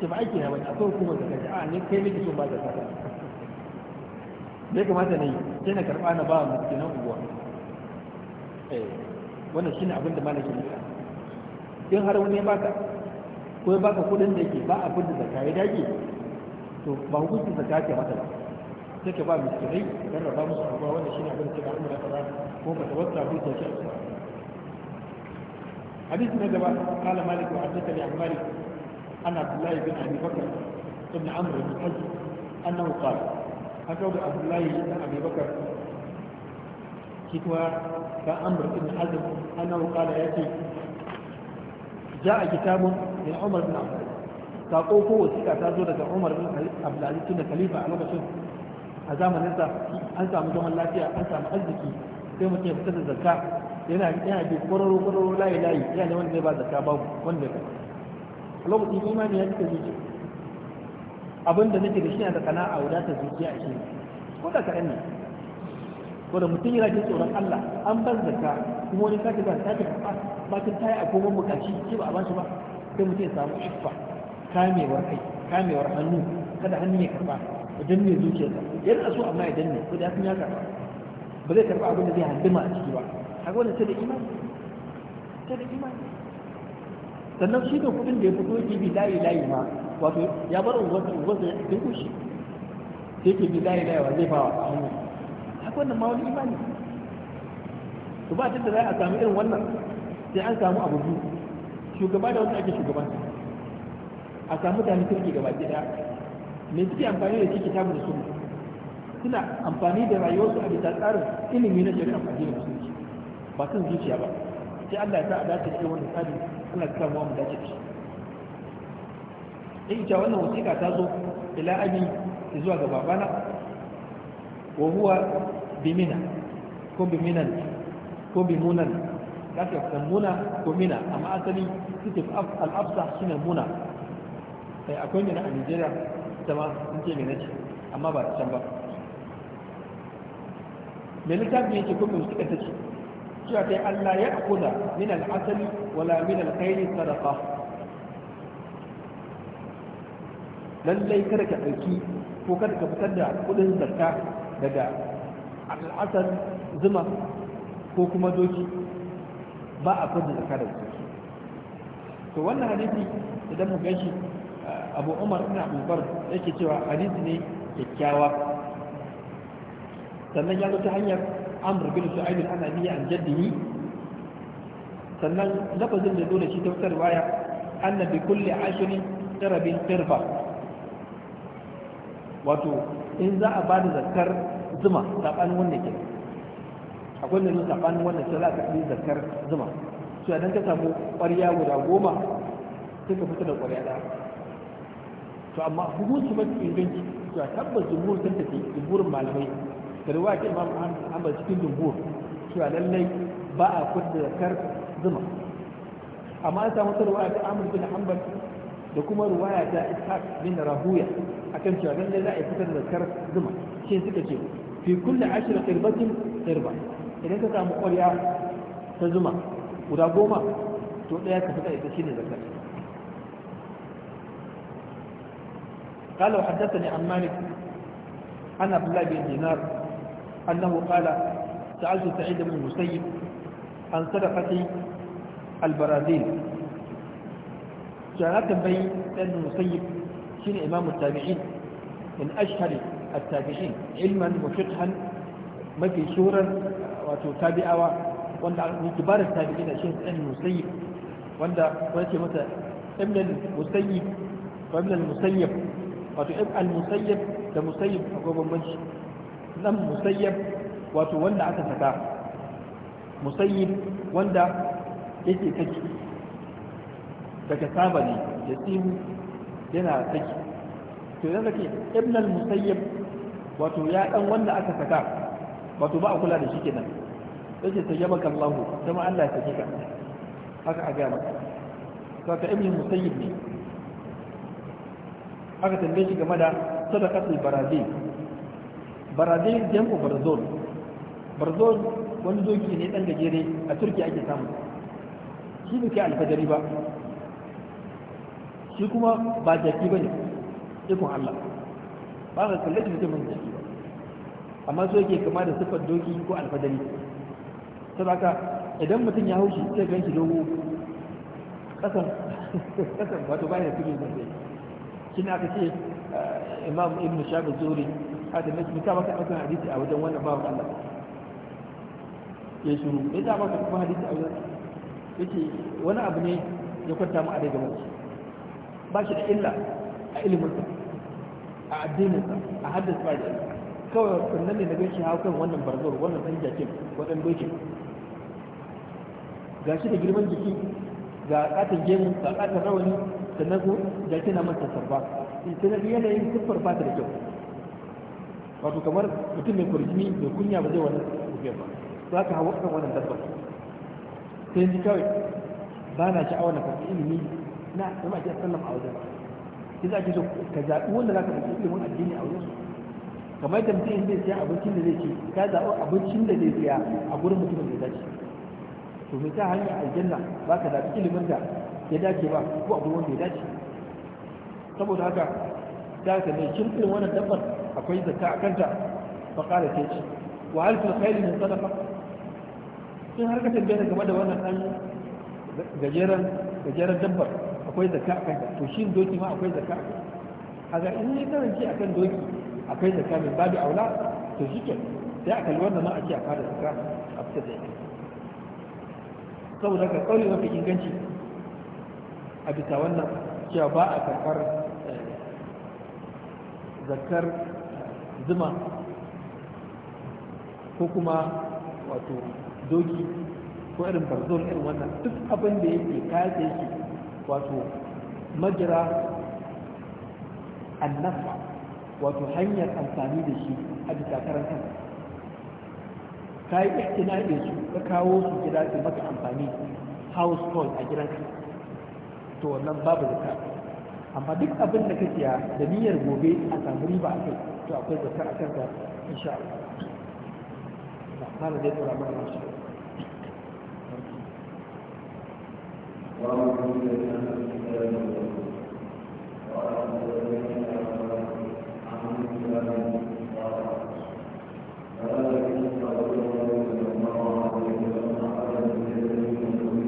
ce ba aiki na bane akwai hukumar zaka a ne kai nake so ba zaka ne ya kamata ne sai na karɓa na ba miskinan uwa eh, wannan shine abin da malaki ne in har wani ya baka ko ya baka kudin da yake ba abin da zakka ya dage to ba hukuncin zakka ke mata ba sai ka ba miskinai dan raba musu abuwa wannan shine abin da ke da umma ko ba ta wata da ke ce حديث نجبة قال مالك وحدثني عن مالك عن عبد الله بن ابي بكر بن عمرو بن حج انه قال اجاب عبد الله بن ابي بكر كتوى كامر بن حزم انه قال ياتي جاء كتاب من عمر بن عبد saƙo ko wasiƙa ta zo daga umar bin abdulaziz tun da khalifa a lokacin a zamanin sa an samu zaman lafiya an samu arziki sai mutum ya fitar da zakka yana yana bi kwararo kwararo layi layi yana ne wanda ba zakka babu wanda ka lokacin imani ya cika zuciya abinda da nake da shi na da kana'a wadatar zuciya a shi ko da kaɗan ne ko da mutum yana jin tsoron Allah an ban zakka kuma wani sake ba sake karɓa bakin tayi a kogon bukaci ce ba a ba shi ba sai mutum ya samu iffa kamewar kai kamewar hannu kada hannu ya karba ya danne zuciyarsa yana so amma ya danne ko da ya sun ya karba ba zai karɓa abin da zai handima a ciki ba a ta da imani ta da imani sannan shi da kudin da ya fito yake bi layi layi ma wato ya bar unguwarsa unguwarsa ya dinko kushi sai ke bi layi layi wa zai fawa a hannu. haka ma wani imani to ba da za a samu irin wannan sai an samu abu biyu shugaba da wanda ake shugaba a samu mutane kirki gaba ki daya me suke amfani da shi kitabu da suna amfani da rayuwarsu a bisa tsarin ilimi na shari'a addinin musulmi ba kan zuciya ba sai Allah ya sa a dace da wannan tsari Allah ya sa mu dace da shi in ita wannan wasiƙa ta zo ila abi zuwa ga babana wa huwa bimina ko biminan ko bimunan zaka yi kusan muna ko mina amma asali suke al'afsa shi ne muna sai eh, akwai mina a nigeria ta ma sun ce mina ce amma ba ta can ba mai littafi yake kuma suka ta ce cewa kai Allah ya akuda min al'asali wala min alkhairi sadaqa lallai kada ka ɗauki ko kada ka fitar da kuɗin zakka daga al'asar zuma ko kuma doki ba a fitar da zakka da su to wannan hadisi idan mu gashi eh, abu umar ina abubar yake cewa hadisi ne kyakkyawa sannan ya zo ta hanyar amr bin su'aib ana biya an jaddihi sannan lafazin da dole shi tafsir waya anna bi kulli ashirin qirabin qirba wato in za a bada zakar zuma tsakanin wannan ke akwai da tsakanin wannan sai za ka yi zakar zuma Su idan ka samu ƙwarya guda goma sai ka fita da ƙwarya ɗaya to amma hukunci mafi inganci to a tabbas jumhur sun tafi jumhurin malamai da ruwa ke imam hanbal cikin jumhur cewa lallai ba a da kar zuma amma an samu ruwa ta amur bin hanbal da kuma ruwaya ta ishaq bin rahuya akan cewa lallai za a fitar da kar zuma shi suka ce fi kulli ashirin qirbatin qirba idan ka samu ƙwarya ta zuma guda goma to ɗaya ka fitar ita shine zakar قال وحدثني عن مالك عن عبد الله بن دينار أنه قال سألت سعيد بن المسيب عن صدقة البرازيل كانت بين بن المسيب كان إمام التابعين من أشهر التابعين علما وفقها ما في وتتابع من كبار التابعين شيخ بن المسيب وان wace متى ابن المسيب وابن المسيب ibn al-musayyib wato ibn nan musayyab wato wanda aka saka musayyib wanda yake saki daga sabani da ya tsimu yana saki to yanzu ke ibn al wato ya dan wanda aka saka wato ba a kula da shi kenan yake sayyabaka Allah kuma Allah ya sake ka haka a gaya maka to ka ibn musayyib ne aka tambaye shi game da sadaqatul barazil barazil jam'u barzol barzol wani doki ne dan gajere a turki ake samu shi bai kai alfajari ba shi kuma ba jaki ba ne ikon Allah ba ga kalle shi mutum jaki ba amma so yake kama da siffar doki ko alfajari saboda idan mutum ya haushi sai gan shi dogo kasan kasan wato bayan da kuma zai shi ne aka ce eh, imam ibn shafi zuri hadin da nake ta maka hadisi a wajen wannan babu Allah ya shiru ya ta maka kuma hadisi a wajen yake wani abu ne ya kwanta mu a daga mace ba shi da illa a iliminsa a addininsa a haddasa ba da kawai sannan ne na gaishe hakan wannan barzor wannan san jakin wannan dokin ga shi da girman jiki ga katin gemu ga katin rawani sannan ko jakin na masa sarba sai na yanayin siffar ba ta da kyau wato kamar mutum mai kurjini mai kunya ba zai wannan tafiyar ba za ka hawa kan wannan dabbar sai ji kawai ba na sha'awar na karɓi ilimi na kuma ake sallam a wajen sai za ki so ka zaɓi wanda za ka karɓi ilimin addini a wajen kamar yadda mutum zai siya abincin da zai ci ka zaɓi abincin da zai siya a gurin mutumin da ya dace to mai ta hanyar aljanna ba ka zaɓi ilimin da ya dace ba ko abubuwan da ya dace saboda haka ta ne mai shin wannan dabbar akwai zakka a kanta fa kala ta ce wa hal fil khayl min sadaqa sai har ka tambaye game da wannan dan gajeran gajeren dabbar akwai zakka a kanta to shin doki ma akwai zakka a kanta kaga in ne ji akan doki akwai zakka min babu aula to shike sai a yi wannan ma a ce a fara zakka a fita da ita saboda ka kauri mafi inganci a bisa wannan cewa ba a karɓar zakar zuma ko kuma wato doki ko irin barzon irin wannan duk abin da yake kayace shi wato majira annafa wato hanyar amfani da shi a bisa karanta ka yi ihtina da su ka kawo su gida su maka amfani call a gidanka to wannan babu zakar amma duk abin da kake ya da niyyar gobe a samu riba a kai to akwai zakar a kanka insha Allah na da dai tsora mana shi Thank you.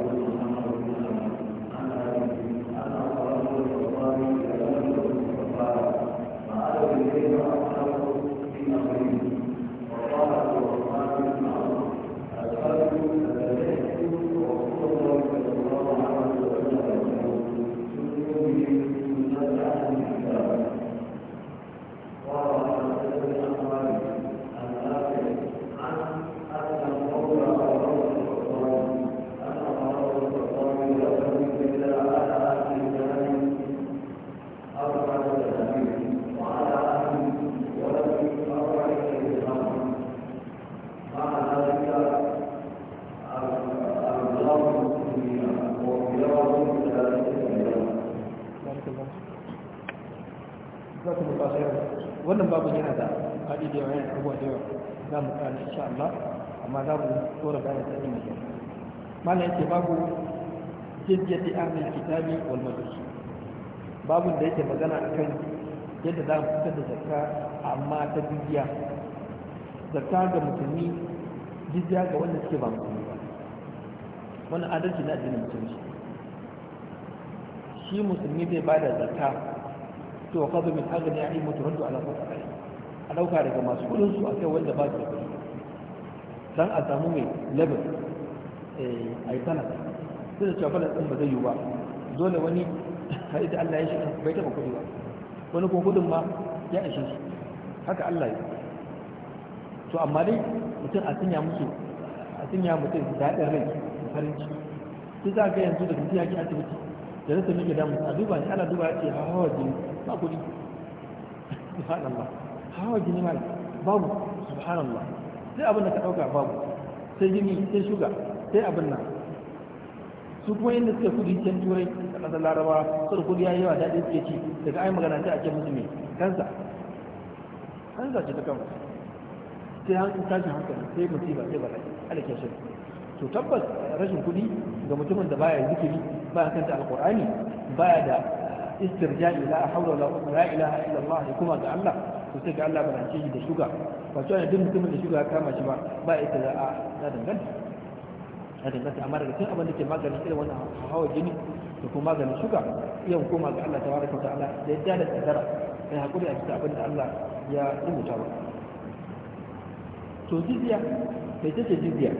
za ku ba sai wannan babu yana da hadi da yawa yana abubuwa da yawa za mu kana insha Allah amma za mu tsora bayan da ilimi mallan yake babu jiddiyati ahlul kitabi wal majus babu da yake magana akan yadda za mu fitar da zakka amma ta dukiya zakka ga musulmi jizya ga wanda suke ba musulmi ba Wani adalci na addinin musulmi shi musulmi bai bada zakka to fa min aghniya'i mutaradu ala fuqara'i a dauka daga masu kudin su a akai wanda ba su da kudi dan a samu mai level eh, a yi sana sai da cewa din ba zai yi ba dole wani sai da Allah ya shiga bai taɓa kudi ba wani ko kudin ma ya ishe shi haka Allah ya to amma dai mutum a tunya musu a tunya mutum da daɗin rai da farin ciki sai za ga yanzu da tafiya ki asibiti da rasa miki damu a duba ne ana duba ya ce hawa jini ba kuɗi subhanallah hawa jini mala babu subhanallah sai abin da ka ɗauka babu sai jini sai shuga sai abin nan su kuma yadda suka kudi can turai da ƙasar laraba su da kudi ya yi wa daɗi suke ci daga ai magana ta ake musu mai kansa kansa ce ta kansa sai an tashi hankali sai musiba sai bala'i alaƙe shi to tabbas rashin kudi ga mutumin da baya zikiri ba kan ta alqur'ani ba da istirja'i la hawla wala quwwata illa illallah kuma ga Allah to sai ga Allah ba shi da shuga ba to duk mutumin da shuga ya kama shi ba ba ita da a da danganta da danganta amma daga cikin abin da ke maganin irin wannan hawa jini da kuma maganin shuga iya hukuma ga Allah tabaraka wa ta'ala da yadda da tsara kai hakuri a cikin abin da Allah ya rubuta ba to jizya mai tace jizya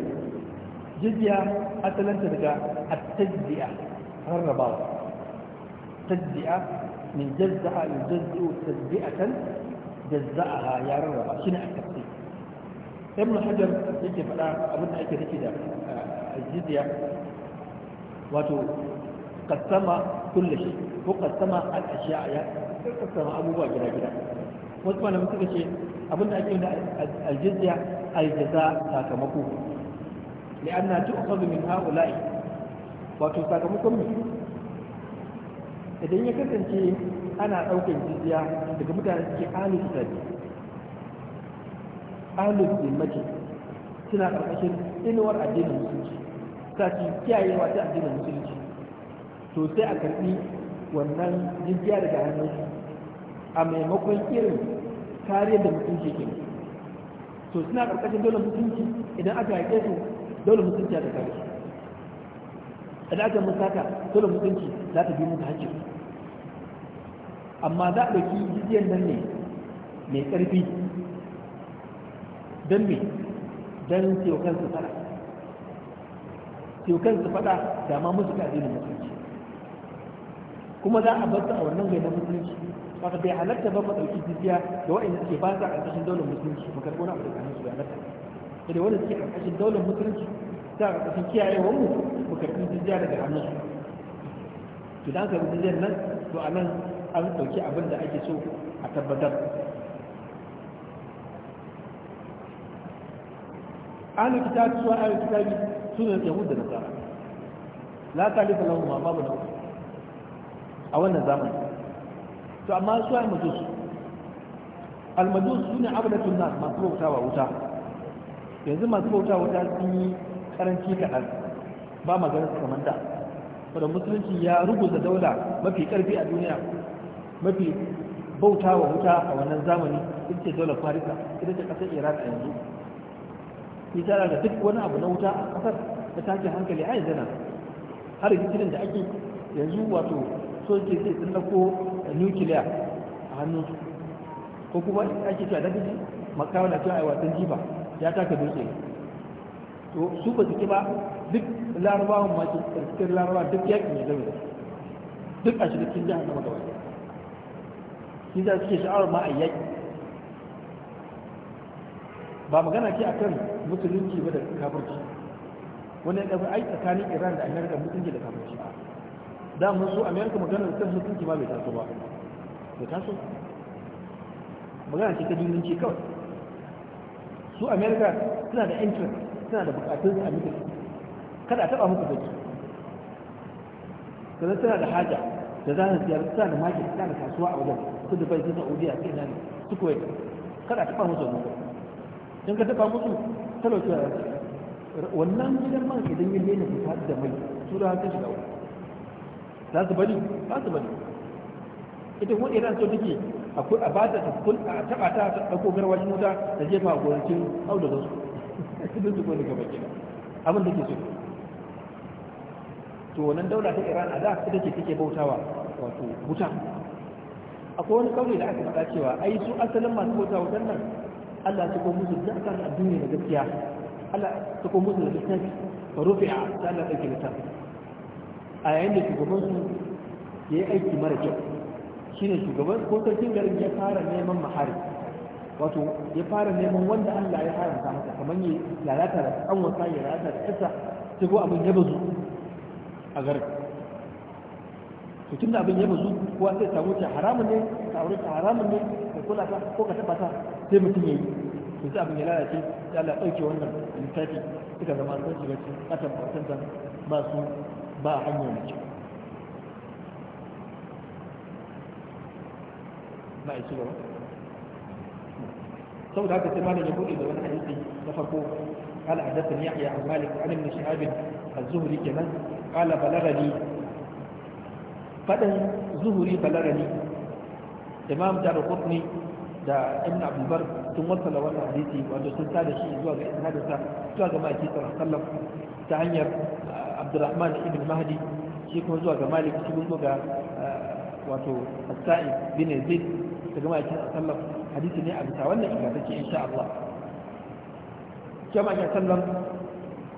jizya asalinta daga at-tajziya rarrabawa tajzi'a min jazza'a yujazzi'u tajzi'atan jazza'aha ya rarraba shine a tafsir ibn hajar yake faɗa abin da ake nufi da jizya wato qassama kulle shi ko qassama al-ashya'a ya qassama abubuwa gida gida wasu malamin suka ce abin da ake nufi al-jizya al-jaza sakamako li'anna tu'khadhu min ha'ula'i wato sakamakon mu idan ya kasance ana ɗaukar jijiya daga mutane suke alif tabi alif dimmaki suna ƙarƙashin inuwar addinin musulunci sati kiyaye wata addinin musulunci to sai a karɓi wannan jijiya daga hannunsu a maimakon irin kariyar da mutunci ke to suna ƙarƙashin dole mutunci idan aka haƙe su dole mutunci a da kare da aka mun saka dole mutunci za ta bi muku hajji. amma za a ɗauki jijiyan nan ne mai ƙarfi don me don taimakon su fada taimakon su fada da ma musu ka addinin mutunci kuma za a bar su a wannan gai mutunci musulunci haka bai halatta ba ba ɗauki jijiya da wa'in ke ba sa ƙarƙashin daular musulunci mu karɓo abu da kanin su ya halatta da wani suke ƙarƙashin daular mutunci ta a kiyaye wa mu mu karɓi jizya daga hannun su to da aka karɓi jizyar nan to a nan an ɗauki abin da ake so a tabbatar ahlul kitabi su ahlul kitabi su ne yahud da nasara la talifa lahum ma babu na a wannan zamani to amma su ai majus almajus su ne abdatun nas masu bautawa wuta yanzu masu bautawa wuta sun yi karanci kaɗan ba magana su kamar da saboda musulunci ya rubuta daula mafi ƙarfi a duniya mafi bauta wa wuta a wannan zamani ita ce daular farisa ita ce ƙasar iraq a yanzu ita da duk wani abu na wuta a ƙasar ta take hankali a yanzu har rikicin da ake yanzu wato soke zai tsallako nukiliya a hannunsu ko kuma ake cewa gidi makawa na cewa a wasan jiba ya taka dutse to su ba su ba duk larabawan ma cikin larabawa duk ya ya zama duk a shiga cikin jihar nama gaba shi za su ke sha'awar ma a yaki ba magana ce akan musulunci ba da kafirci wani ɗabi ai tsakanin iran da amerika mutunci da kafirci ba da mun so amerika magana da kan mutunci ma bai taso ba bai taso magana ce ta dunanci kawai su amerika suna da interest suna da bukatun su a mutu kada a taba muku zaki kada suna da haja da za su siyar suna da maki suna da kasuwa a wajen su da bai su saudiya sai nan su kuwait kada a taba musu zaki in ka taba musu talauci wannan gidan man idan ne daina fita da mai su da haka shiga wani za su bari za su bari ita kuma iran so take akwai a ba ta a taba ta ta ɗauko garwashin wuta da jefa a gonakin da su duk duk wani gaba kenan abin da ke so to wannan daula ta iran a da ita ce take bautawa wato wuta akwai wani kauri da aka faɗa cewa ai su asalin masu bauta wutan nan Allah ya ko musu da kan addini da gaskiya Allah ya ko musu da littafi fa rufi'a ta Allah ɗauke ta a yayin da shugaban su ya yi aiki mara kyau shine shugaban ko sarkin garin ya fara neman mahari wato ya fara neman wanda Allah ya haramta masa kamar ya lalata da wasa ya lalata da ƙasa sai ko abin ya bazu a garin to tunda abin ya bazu kowa sai ta wuce haramun ne ka aure ta haramun ne ka kula ta ko ka tabbata ta sai mutum ya yi to sai abin ya lalace ya Allah ɗauke wannan lissafi suka zama sun shiga cikin ƙasan bautan ba su ba hanyar mai kyau ba a saboda haka sai malam ya bude da wani hadisi na farko قال حدثني يحيى عن مالك عن ابن شهاب الزهري كمان قال بلغني فدن زهري بلغني imam daruqutni da ibn abdulbar sun wasala wannan hadisi wato sun sada shi zuwa ga isnadinsa zuwa ga ma'aiki sallallahu ta hanyar uh, abdurrahman ibn mahdi shi kuma zuwa ga malik shi kuma ga uh, wato as-sa'id bin yazid daga ma'aiki hadisi ne a bisa wannan ingantacce insha Allah jama'a ya sallam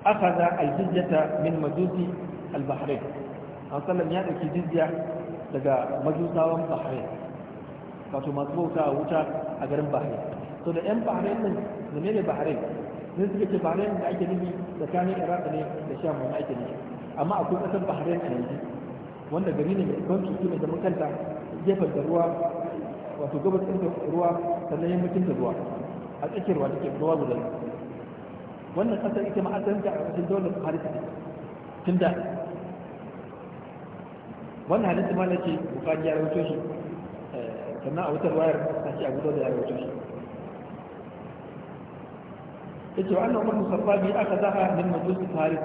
akhadha al-jizyata min majusi al an sallam ya dauki jizya daga majusawan bahrain wato masu bauta a wuta a garin bahrain to da yan bahrain din da ne bahrain ne suka ce bahrain da ake nufi tsakanin iraq ne da sham ne ake nufi amma akwai kasar bahrain a yanzu wanda gari ne mai kwanci ne da makanta gefen da ruwa wato gabas ɗin ruwa sannan yammacin da ruwa a tsakiyar ruwa take ruwa guda wannan ƙasar ita ma asalin ta a ƙarƙashin daular farisa ne tun da wannan hadisi ma nake bukari ya rawaito shi eh, sannan a wutar wayar ta ce abu dole ya rawaito shi yace wa annabi musabbabi aka zaha min majlis faris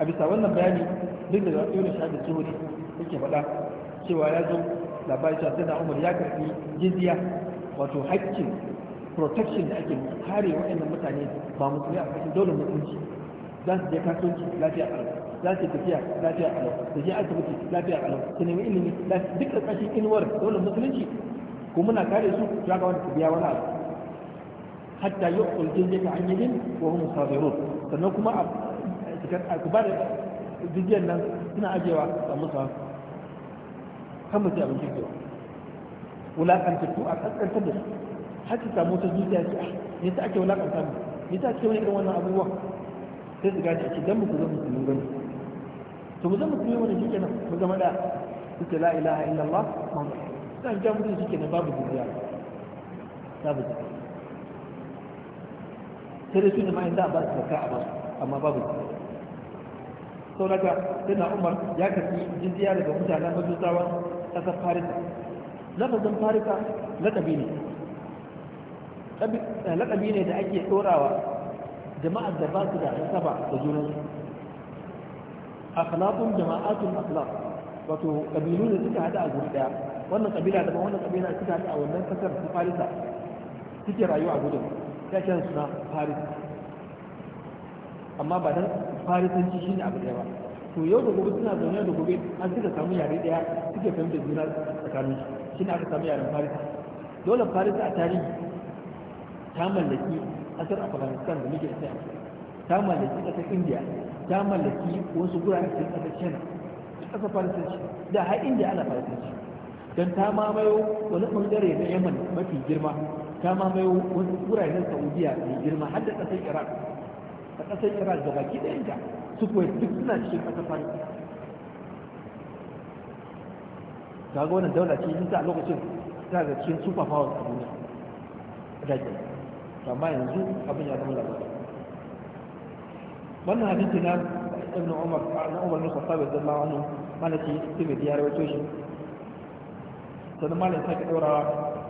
a bisa wannan bayani duk da zaɓe da shaɗin zuhuri yake faɗa cewa ya zo labari cewa sai umar ya karfi jizya wato haƙƙin protection da ake kare waɗannan mutane ba musulmi a ƙarƙashin dole mutunci za su je kasuwanci lafiya a za su tafiya lafiya a su je asibiti lafiya a su nemi ilimi duk ƙarƙashin inuwar dole musulunci ko muna kare su ya ga wani su biya wani abu hatta yi ƙulƙin jika ka hanyar yin wa hum sabirun sannan kuma a ku ba da jizyan nan suna ajewa a musulunci kan mu abin kirki ba wulakanta to a kaskantar da su har ta samu ta zuciya ce ah me ta ake wulakanta mu me ta ake wani irin wannan abubuwa sai su gane ake dan mu zama musulmi bane to mu zama musulmi wani shi kenan mu zama da suke la ilaha illallah muhammad sai ga mutum shi kenan babu zuciya babu zuciya sai da su da ma'ayin ba su zakka a ba su amma babu zuciya sau daga sai na umar ya karbi jizya daga mutanen majusawa ƙasar farisa lafazin farisa laƙabi ne eh, laƙabi ne da ake ɗorawa jama'ar da ba su da saba da junansu akhlaqun jama'atun akhlaq wato kabilu ne suka hada a guri daya wannan ƙabila da wannan ƙabila suka hada a wannan kasar ta farisa suke rayuwa a gudun ya ce suna faris amma ba dan farisanci shine abu da ba to yau da gobe suna zaune da gobe an suka samu yare daya suke fahimtar juna tsakanin shi ne aka samu yaren farisa dole farisa a tarihi ta mallaki kasar afghanistan da muke sai ta mallaki kasar india ta mallaki wasu gurare cikin kasar china kasar farisanci da har india ana farisanci don ta mamayo wani bangare na yaman mafi girma ta mamayo wasu gurare na saudiya mai girma har da kasar iraq a kasar iraq da baki yanka. su kuwa duk suna cikin ƙasar faransa ga ga wannan daular ce yin ta a lokacin ta ga cikin super power a duniya dakin amma yanzu abin ya zama labarai wannan hadisi na ibn umar na umar nusa sabi da zama wani malaki da yare rawaito shi sannan malin sake ka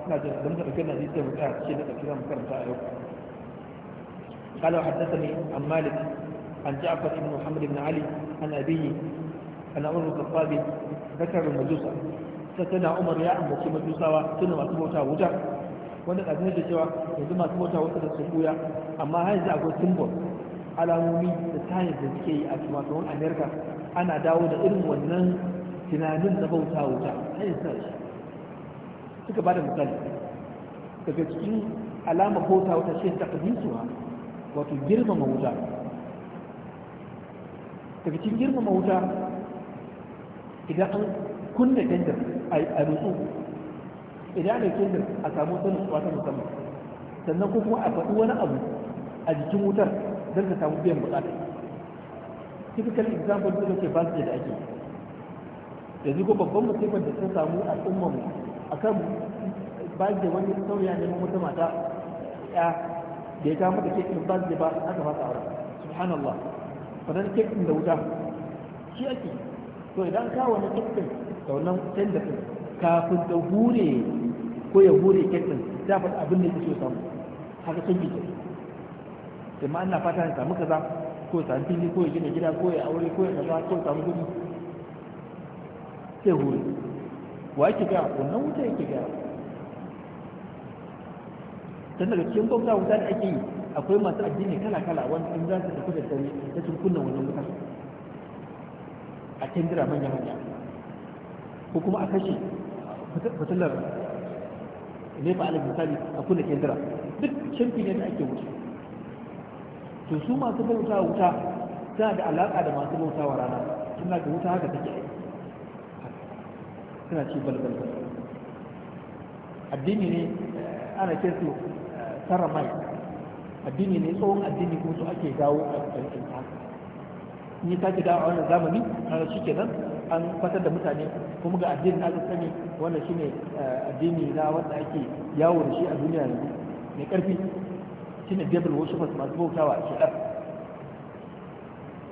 na jin da muka ɗauki na hadisi da mutane tsaya cikin da ɗauki na makaranta a yau قال وحدثني عن مالك an جعفر بن محمد بن علي عن أبيه عن عمر الخطاب ذكر المجوسة ستنا عمر يا أمو كما جوسا سنة ما تبوتا وجه wanda ɗazin da cewa yanzu masu mota wasu da su buya amma har yanzu akwai simbol alamomi da tayar da suke yi a tumakon amerika ana dawo da irin wannan tunanin da bauta wuta har yanzu shi suka ba da misali daga cikin alama bauta wuta shi ta wato girmama wuta daga cikin girmama wuta idan an kunna kendir a nutsu idan ne kendir a samu sanin suwa ta musamman sannan ko kuma a faɗi wani abu a jikin wutar don ka samu biyan bukata typical example da ke ba da ake yanzu ko babban musibar da ta samu al'ummar mu akan ba da wani sauya ne wata mata ya da ya kama da ke ba da ba aka fasa aure subhanallah fadan kek da wuta shi ake to idan ka wani tekin da wannan tender da kafin ta hure ko ya hure tekin ta faɗi abin da yake samu haka sun yi sai ma ana fata ne samu kaza ko samu fili ko ya gina gida ko ya aure ko ya kaza ko ya samu gudu sai hure wa yake ga wannan wuta yake ga tun daga cikin gwamnati wuta da ake yi akwai masu addini kala kala wanda in za su tafi da dare ta sun kunna wannan wutar a kendira manya manya ko kuma a kashe fitilar nefa alif misali a kunna kendira duk shimfi ne da ake wuce to su masu bauta wuta suna da alaƙa da masu bauta wa rana suna da wuta haka take suna ci balbal addini ne ana kirsu eh, sarra mai addini ne tsohon addini ko su ake dawo a cikin ƙasa ni ta ke dawo a wannan zamani har shi kenan an fatar da mutane kuma ga addinin aka sani wannan shine eh, addini na wanda ake yawo da shi a duniya yanzu mai karfi shine devil worshipers masu bautawa a shekar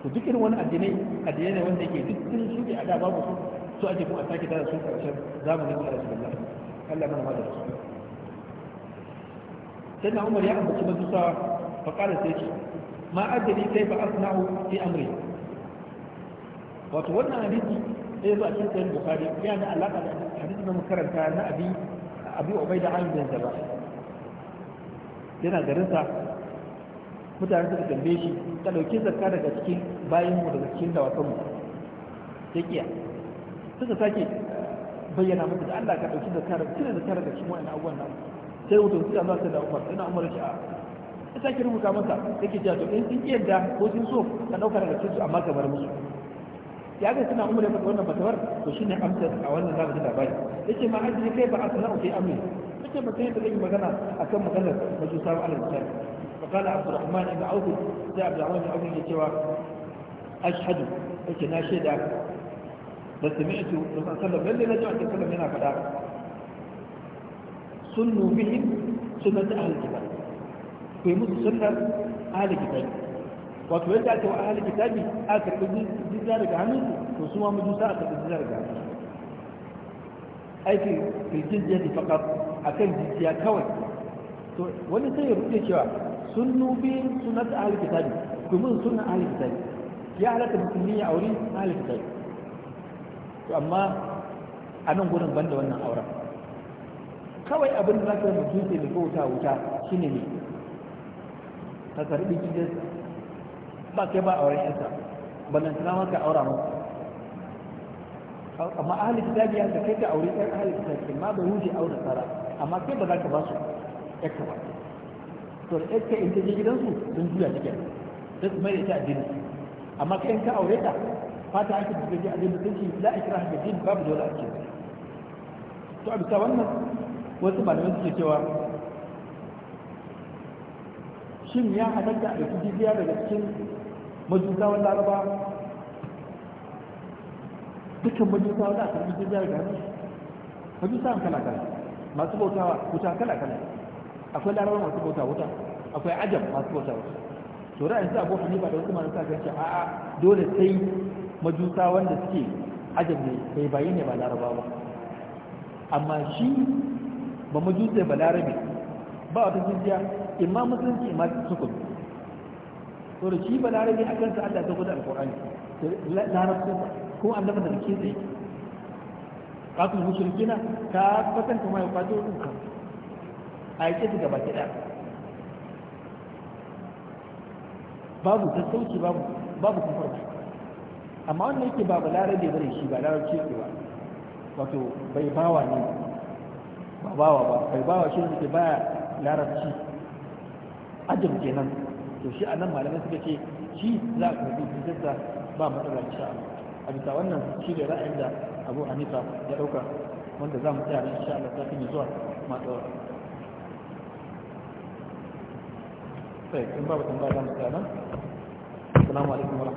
to duk irin wani addinai addinai ne wanda yake dukkan su shuɗe a da babu su su ake kuma a sake tara su ƙarshen zamanin da Allah Allah mana ma da su sai na umar ya ambaci majusawa fa kala sai ce ma ajali kai fa asna'u fi amri wato wannan hadisi da yazo a cikin sahih bukhari yana da alaka da hadisi na makaranta na abi abi ubaida alim bin zaba yana garin sa mutane suka tambaye shi ka ɗauki zakka daga cikin bayan mu daga cikin dawakan mu sai kiya suka sake bayyana mutu da Allah ka dauki zakka daga cikin zakka daga cikin wannan abubuwan nan sai mutum suka zuwa sai da umar na umar ki a ita ki rubuta masa yake cewa to in sun iya yadda ko sun so ka dauka daga cutu su amma ka bar musu ya ga suna umar ya wannan fatawar to shine amsa a wannan zaka ji labari ce ma haji kai ba a sanar ko ya ce ba sai da yake magana a akan maganar mutum sabu alal sai fa kana abdu rahman ibn auf sai abdu rahman ibn auf yake cewa Ya ce na shaida da sami'tu rasulullahi sallallahu alaihi wasallam yana faɗa Sun sunnu bihi sunnat ahlul kitab ku yi musu sunnar ahlul kitab wato yadda aka wa ahlul kitabi aka karɓi jizya daga hannun to su ma mujusa a karɓi jizya daga hannun aiki filjizya ne a kan jizya kawai to wani sai ya rufe cewa sun sunnu bi sunnat ahlul kitabi ku mun sunna ahlul kitabi ya halatta musulmi ya aure ahlul kitabi to amma a nan gurin banda wannan auren kawai abin da za ka mutum ke da wuta wuta shine ne ka karbi gidansa ba kai ba auren yansa tunawa ka aura masa amma ahli kitabi ta kai ka aure ɗan ahli ke ma bai wuce aure tsara amma kai ba za ka ba su ɗaka ba to da ɗaka in ta je gidansu sun juya cikin da su mai da ita addini amma kai in ka aure ta fata ake da gaji addini sun ce a kira haka din babu dole a cikin to a bisa wannan wasu malamai suke cewa shin ya halatta a cikin jiziya daga cikin majusawan laraba dukkan majusawan da aka cikin jiziya daga hannun majusawan kala-kala masu bautawa wuta kala-kala akwai laraba masu bauta wuta akwai ajab masu bauta wuta to ra'ayin abokan abu ba da wasu malamai suka ganci a'a dole sai majusawan da suke ajab ne bai bayyana ba laraba ba amma shi ba mu jutse ba larabe ba wata jijiya imma musulunci imma sukun to da shi ba larabe a kansa allah ta gudu alkur'ani larabci ko annaba da ke tsaye kafin na ta kwatanta mai kwato ɗinka a ce su gaba kiɗa babu ta sauki babu babu kufar ba amma wannan yake ba larabi larabe bane shi ba larabci ce ba wato bai bawa ne ba bawa ba kai bawa shi ne baya larabci ajin kenan to shi anan malamai suka ce shi za ka karbi fitarsa ba matsala insha Allah a bisa wannan shi ne ra'ayin da Abu Hanifa ya dauka wanda za mu tsaya nan insha Allah kafin zuwa ma tsawon sai in babu tambaya za mu tsaya nan assalamu alaikum